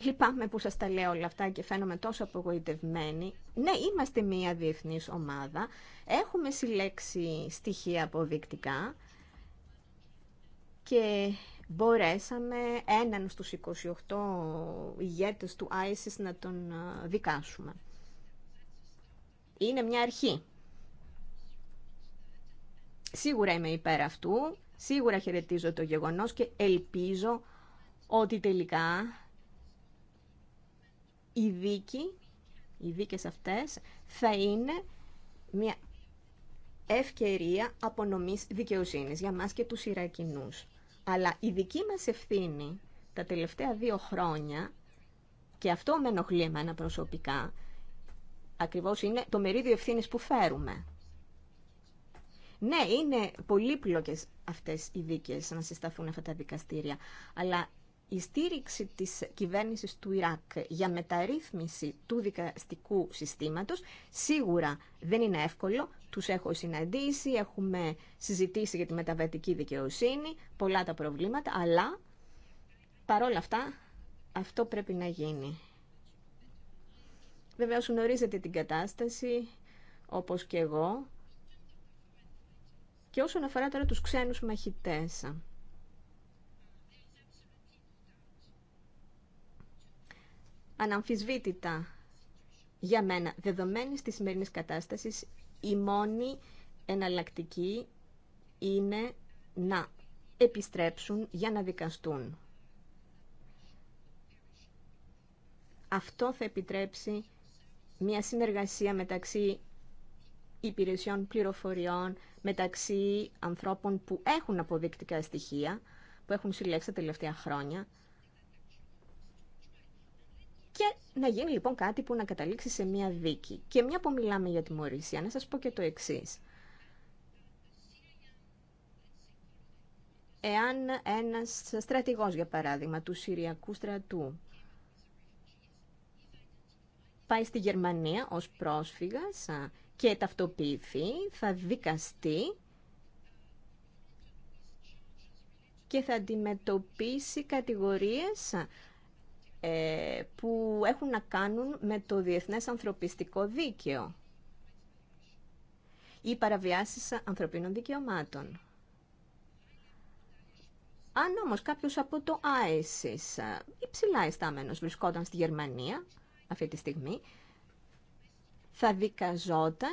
Λυπάμαι που σας τα λέω όλα αυτά και φαίνομαι τόσο απογοητευμένη. Ναι, είμαστε μία διεθνής ομάδα. Έχουμε συλλέξει στοιχεία αποδεικτικά και μπορέσαμε έναν στους 28 ηγέτες του ISIS να τον δικάσουμε. Είναι μια αρχή. Σίγουρα είμαι υπέρ αυτού, σίγουρα χαιρετίζω το γεγονός και ελπίζω ότι τελικά η δίκη, οι δίκες αυτές, θα είναι μια ευκαιρία απονομής δικαιοσύνης για μας και τους Ιρακινούς. Αλλά η δική μας ευθύνη τα τελευταία δύο χρόνια, και αυτό με ενοχλεί εμένα προσωπικά, ακριβώς είναι το μερίδιο ευθύνης που φέρουμε. Ναι, είναι πολύπλοκες αυτές οι δίκες να συσταθούν αυτά τα δικαστήρια, αλλά η στήριξη της κυβέρνησης του Ιράκ για μεταρρύθμιση του δικαστικού συστήματος σίγουρα δεν είναι εύκολο. Τους έχω συναντήσει, έχουμε συζητήσει για τη μεταβατική δικαιοσύνη, πολλά τα προβλήματα, αλλά παρόλα αυτά αυτό πρέπει να γίνει. Βεβαίως γνωρίζετε την κατάσταση, όπως και εγώ. Και όσον αφορά τώρα τους ξένους μαχητές, Αναμφισβήτητα, για μένα, δεδομένη της σημερινή κατάστασης, η μόνη εναλλακτική είναι να επιστρέψουν για να δικαστούν. Αυτό θα επιτρέψει μια συνεργασία μεταξύ υπηρεσιών πληροφοριών, μεταξύ ανθρώπων που έχουν αποδεικτικά στοιχεία, που έχουν συλλέξει τα τελευταία χρόνια και να γίνει λοιπόν κάτι που να καταλήξει σε μία δίκη. Και μια που μιλάμε για τιμωρησία, να σας πω και το εξή. Εάν ένας στρατηγός, για παράδειγμα, του Συριακού στρατού, πάει στη Γερμανία ως πρόσφυγας και ταυτοποιηθεί, θα δικαστεί και θα αντιμετωπίσει κατηγορίες ε, που έχουν να κάνουν με το διεθνές ανθρωπιστικό δίκαιο ή παραβιάσεις ανθρωπίνων δικαιωμάτων. Αν όμως κάποιος από το ISIS, ε, υψηλά ιστάμενος, βρισκόταν στη Γερμανία αυτή τη στιγμή, θα δικαζόταν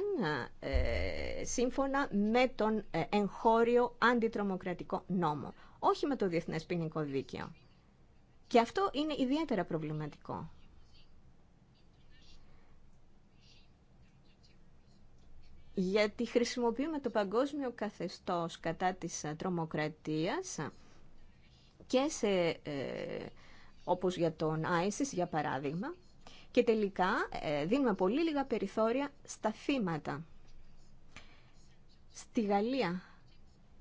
ε, σύμφωνα με τον εγχώριο αντιτρομοκρατικό νόμο, όχι με το Διεθνές Ποινικό Δίκαιο. Και αυτό είναι ιδιαίτερα προβληματικό. Γιατί χρησιμοποιούμε το παγκόσμιο καθεστώς κατά της ε, τρομοκρατίας και σε, ε, όπως για τον ISIS για παράδειγμα, και τελικά ε, δίνουμε πολύ λίγα περιθώρια στα θύματα. Στη Γαλλία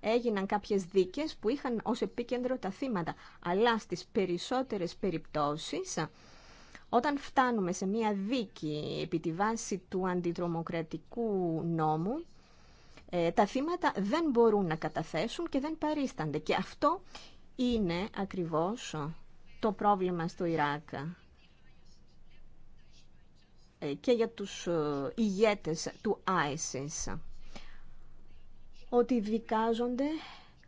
έγιναν κάποιες δίκες που είχαν ως επίκεντρο τα θύματα. Αλλά στις περισσότερες περιπτώσεις, όταν φτάνουμε σε μια δίκη επί τη βάση του αντιτρομοκρατικού νόμου, ε, τα θύματα δεν μπορούν να καταθέσουν και δεν παρίστανται. Και αυτό είναι ακριβώς το πρόβλημα στο Ιράκ ε, και για τους ε, ηγέτες του ISIS ότι δικάζονται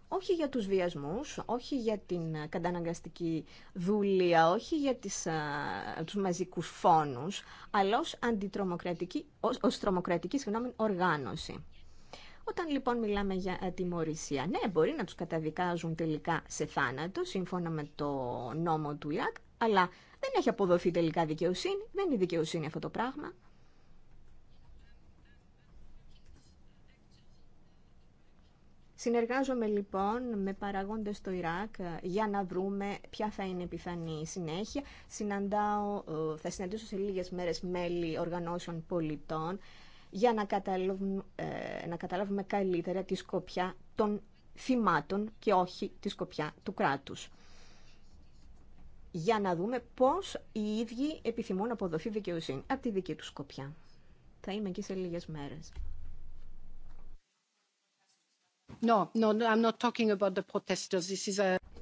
όχι για τους βιασμούς, όχι για την καταναγκαστική δουλεία, όχι για τις, α, τους μαζικούς φόνους, αλλά ως, αντιτρομοκρατική, ως, τρομοκρατική οργάνωση. Όταν λοιπόν μιλάμε για ε, τιμωρησία, ναι, μπορεί να τους καταδικάζουν τελικά σε θάνατο, σύμφωνα με το νόμο του Ιάκ, αλλά δεν έχει αποδοθεί τελικά δικαιοσύνη, δεν είναι δικαιοσύνη αυτό το πράγμα. Συνεργάζομαι λοιπόν με παραγόντες στο Ιράκ ε, για να βρούμε ποια θα είναι η πιθανή συνέχεια. Συναντάω, ε, θα συναντήσω σε λίγες μέρες μέλη οργανώσεων πολιτών για να καταλάβουμε, να καταλάβουμε καλύτερα τη σκοπιά των θυμάτων και όχι τη σκοπιά του κράτους. Για να δούμε πώς οι ίδιοι επιθυμούν να αποδοθεί δικαιοσύνη από τη δική του σκοπιά. Θα είμαι εκεί σε λίγες μέρες.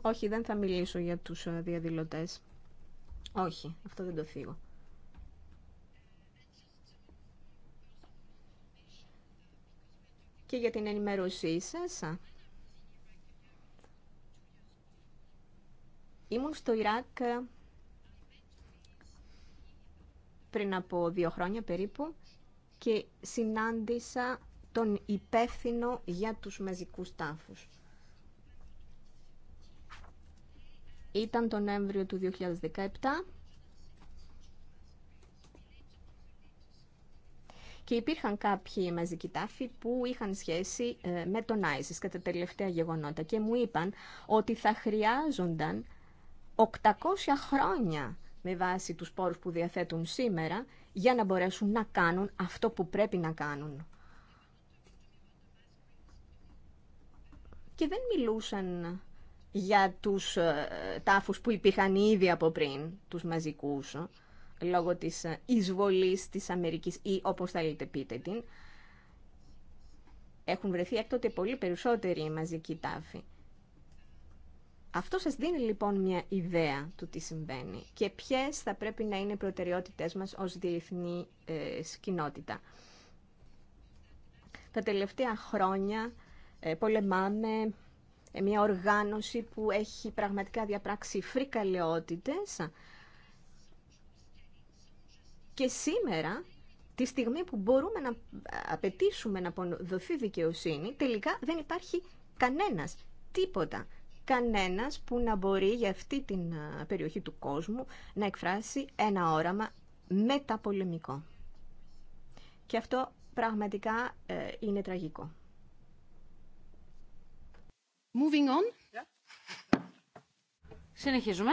Όχι, δεν θα μιλήσω για τους ε, διαδηλωτές. Όχι, αυτό δεν το θίγω. Και για την ενημέρωσή σας, ήμουν στο Ιράκ ε, πριν από δύο χρόνια περίπου και συνάντησα τον υπεύθυνο για τους μαζικούς τάφους. Ήταν τον Νοέμβριο του 2017 και υπήρχαν κάποιοι μαζικοί τάφοι που είχαν σχέση ε, με τον Άισις κατά τελευταία γεγονότα και μου είπαν ότι θα χρειάζονταν 800 χρόνια με βάση τους πόρους που διαθέτουν σήμερα για να μπορέσουν να κάνουν αυτό που πρέπει να κάνουν. και δεν μιλούσαν για τους ε, τάφους που υπήρχαν ήδη από πριν, τους μαζικούς, ε, λόγω της ε, εισβολής της Αμερικής ή όπως θέλετε πείτε την. Έχουν βρεθεί έκτοτε πολύ περισσότεροι μαζικοί τάφοι. Αυτό σας δίνει λοιπόν μια ιδέα του τι συμβαίνει και ποιες θα πρέπει να είναι οι προτεραιότητές μας ως διεθνή ε, κοινότητα. Τα τελευταία χρόνια ε, πολεμάμε ε, μια οργάνωση που έχει πραγματικά διαπράξει φρικαλαιότητες και σήμερα, τη στιγμή που μπορούμε να απαιτήσουμε να δοθεί δικαιοσύνη, τελικά δεν υπάρχει κανένας, τίποτα. Κανένας που να μπορεί για αυτή την περιοχή του κόσμου να εκφράσει ένα όραμα μεταπολεμικό. Και αυτό πραγματικά ε, είναι τραγικό. Moving on. Συνεχίζουμε.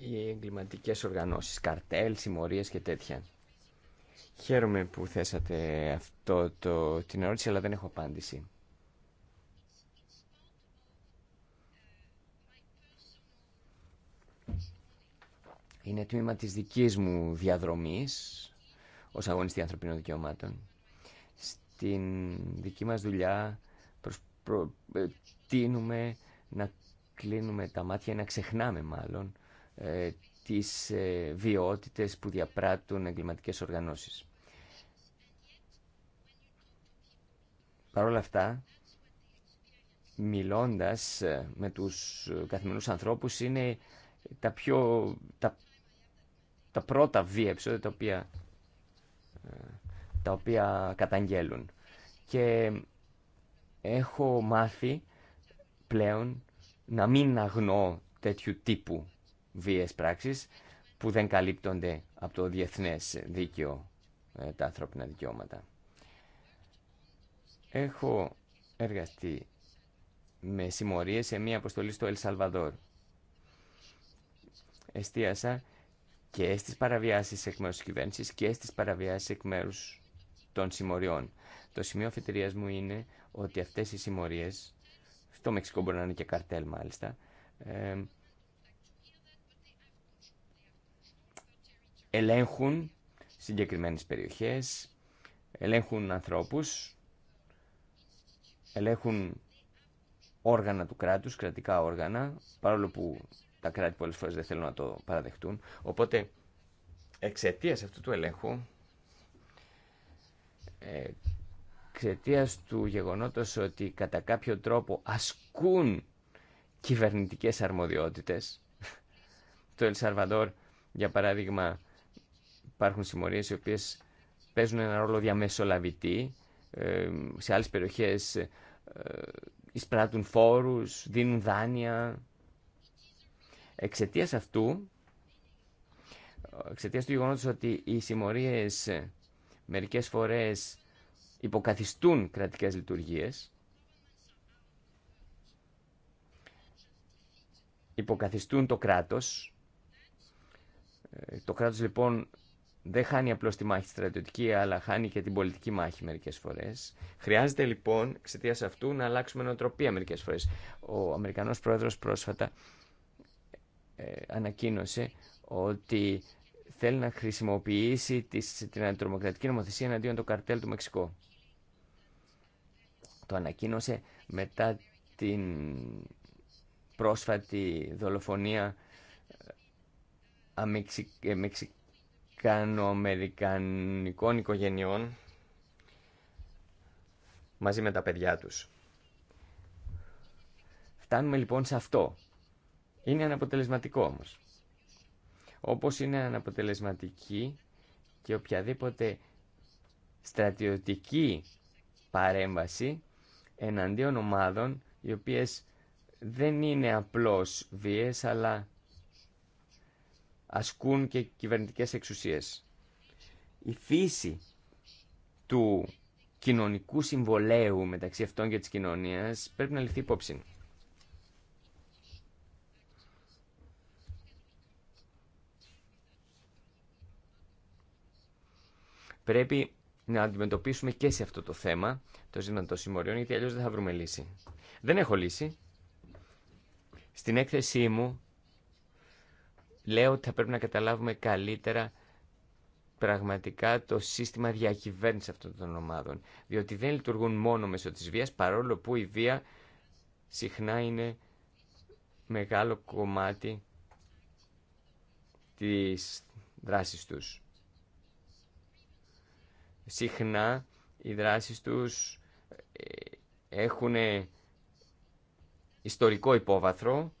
Οι εγκληματικέ οργανώσει, καρτέλ, συμμορίε και τέτοια. Χαίρομαι που θέσατε αυτό το, την ερώτηση, αλλά δεν έχω απάντηση. Είναι τμήμα της δικής μου διαδρομής ως αγωνιστή ανθρωπίνων δικαιωμάτων την δική μας δουλειά προτείνουμε ε, να κλείνουμε τα μάτια, να ξεχνάμε μάλλον ε, τις ε, που διαπράττουν εγκληματικές οργανώσεις. Παρ' όλα αυτά, μιλώντας ε, με τους καθημερινούς ανθρώπους, είναι τα, πιο, τα, τα πρώτα βία επεισόδια τα οποία τα οποία καταγγέλουν. Και έχω μάθει πλέον να μην αγνώ τέτοιου τύπου βίες πράξεις που δεν καλύπτονται από το διεθνές δίκαιο ε, τα ανθρώπινα δικαιώματα. Έχω εργαστεί με συμμορίες σε μία αποστολή στο Ελσαλβαδόρ. Εστίασα και στις παραβιάσεις εκ μέρους της κυβέρνησης και στις παραβιάσεις εκ μέρους των συμμοριών. Το σημείο αφιτερίας μου είναι ότι αυτές οι συμμορίες, στο Μεξικό μπορεί να είναι και καρτέλ μάλιστα, ελέγχουν συγκεκριμένες περιοχές, ελέγχουν ανθρώπους, ελέγχουν όργανα του κράτους, κρατικά όργανα, παρόλο που τα κράτη πολλές φορές δεν θέλουν να το παραδεχτούν. Οπότε εξαιτία αυτού του ελέγχου εξαιτία του γεγονότος ότι κατά κάποιο τρόπο ασκούν κυβερνητικές αρμοδιότητες. Το Ελσαρβαδόρ, για παράδειγμα, υπάρχουν συμμορίες οι οποίες παίζουν ένα ρόλο διαμεσολαβητή. Ε, σε άλλες περιοχές ε, εισπράττουν φόρους, δίνουν δάνεια. Εξαιτία αυτού, εξαιτία του γεγονότος ότι οι συμμορίες μερικές φορές υποκαθιστούν κρατικές λειτουργίες, υποκαθιστούν το κράτος. Ε, το κράτος λοιπόν δεν χάνει απλώς τη μάχη στρατιωτική, αλλά χάνει και την πολιτική μάχη μερικές φορές. Χρειάζεται λοιπόν εξαιτία αυτού να αλλάξουμε νοοτροπία μερικές φορές. Ο Αμερικανός Πρόεδρος πρόσφατα ε, ανακοίνωσε ότι θέλει να χρησιμοποιήσει την αντιτρομοκρατική νομοθεσία εναντίον το καρτέλ του Μεξικού. Το ανακοίνωσε μετά την πρόσφατη δολοφονία ε, ε, μεξικανοαμερικανικών οικογενειών μαζί με τα παιδιά τους. Φτάνουμε λοιπόν σε αυτό. Είναι αναποτελεσματικό όμως όπως είναι αναποτελεσματική και οποιαδήποτε στρατιωτική παρέμβαση εναντίον ομάδων οι οποίες δεν είναι απλώς βίες αλλά ασκούν και κυβερνητικές εξουσίες. Η φύση του κοινωνικού συμβολέου μεταξύ αυτών και της κοινωνίας πρέπει να ληφθεί υπόψη. Πρέπει να αντιμετωπίσουμε και σε αυτό το θέμα το ζήτημα των συμμοριών, γιατί αλλιώ δεν θα βρούμε λύση. Δεν έχω λύση. Στην έκθεσή μου λέω ότι θα πρέπει να καταλάβουμε καλύτερα πραγματικά το σύστημα διακυβέρνηση αυτών των ομάδων. Διότι δεν λειτουργούν μόνο μέσω της βία, παρόλο που η βία συχνά είναι μεγάλο κομμάτι της δράσης τους συχνά οι δράσεις τους ε, έχουν ε, ιστορικό υπόβαθρο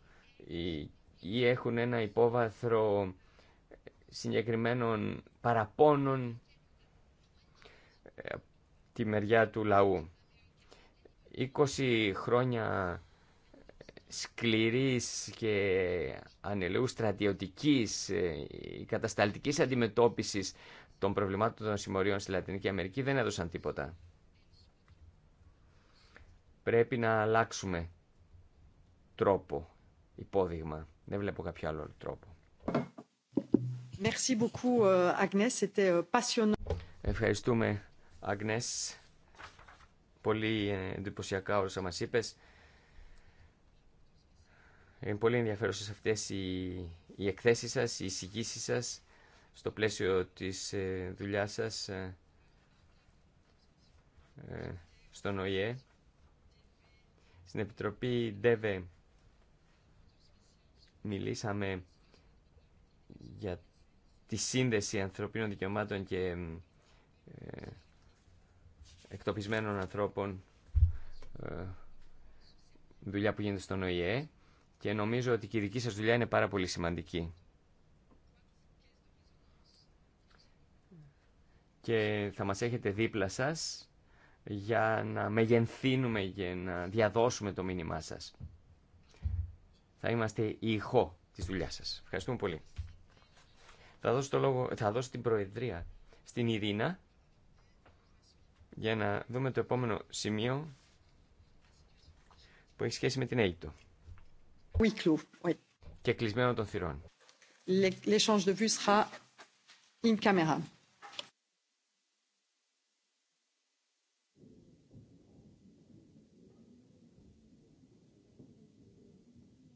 ή έχουν ένα υπόβαθρο ε, συγκεκριμένων παραπώνων τη μεριά του λαού. 20 χρόνια σκληρής και ανελαιού στρατιωτικής κατασταλτικής αντιμετώπισης των προβλημάτων των συμμορίων στη Λατινική Αμερική δεν έδωσαν τίποτα. Πρέπει να αλλάξουμε τρόπο, υπόδειγμα. Δεν βλέπω κάποιο άλλο τρόπο. Euh, euh, Ευχαριστούμε, Αγνές. Πολύ εντυπωσιακά όσα μας είπες. Είναι πολύ ενδιαφέρουσες αυτές οι, οι εκθέσεις σας, οι εισηγήσεις σας στο πλαίσιο της ε, δουλειάς σας ε, ε, στον ΟΗΕ, στην Επιτροπή ΔΕΒΕ μιλήσαμε για τη σύνδεση ανθρωπίνων δικαιωμάτων και εκτοπισμένων ανθρώπων δουλειά που γίνεται στον ΟΗΕ και νομίζω ότι και η δική σας δουλειά είναι πάρα πολύ σημαντική. και θα μας έχετε δίπλα σας για να μεγενθύνουμε και να διαδώσουμε το μήνυμά σας. Θα είμαστε η ηχό της δουλειάς σας. Ευχαριστούμε πολύ. Θα δώσω, το λόγο, θα δώσω την προεδρία στην Ειρήνα για να δούμε το επόμενο σημείο που έχει σχέση με την Αίγυπτο. Oui. Και κλεισμένο των θυρών. L'échange de vue sera in camera.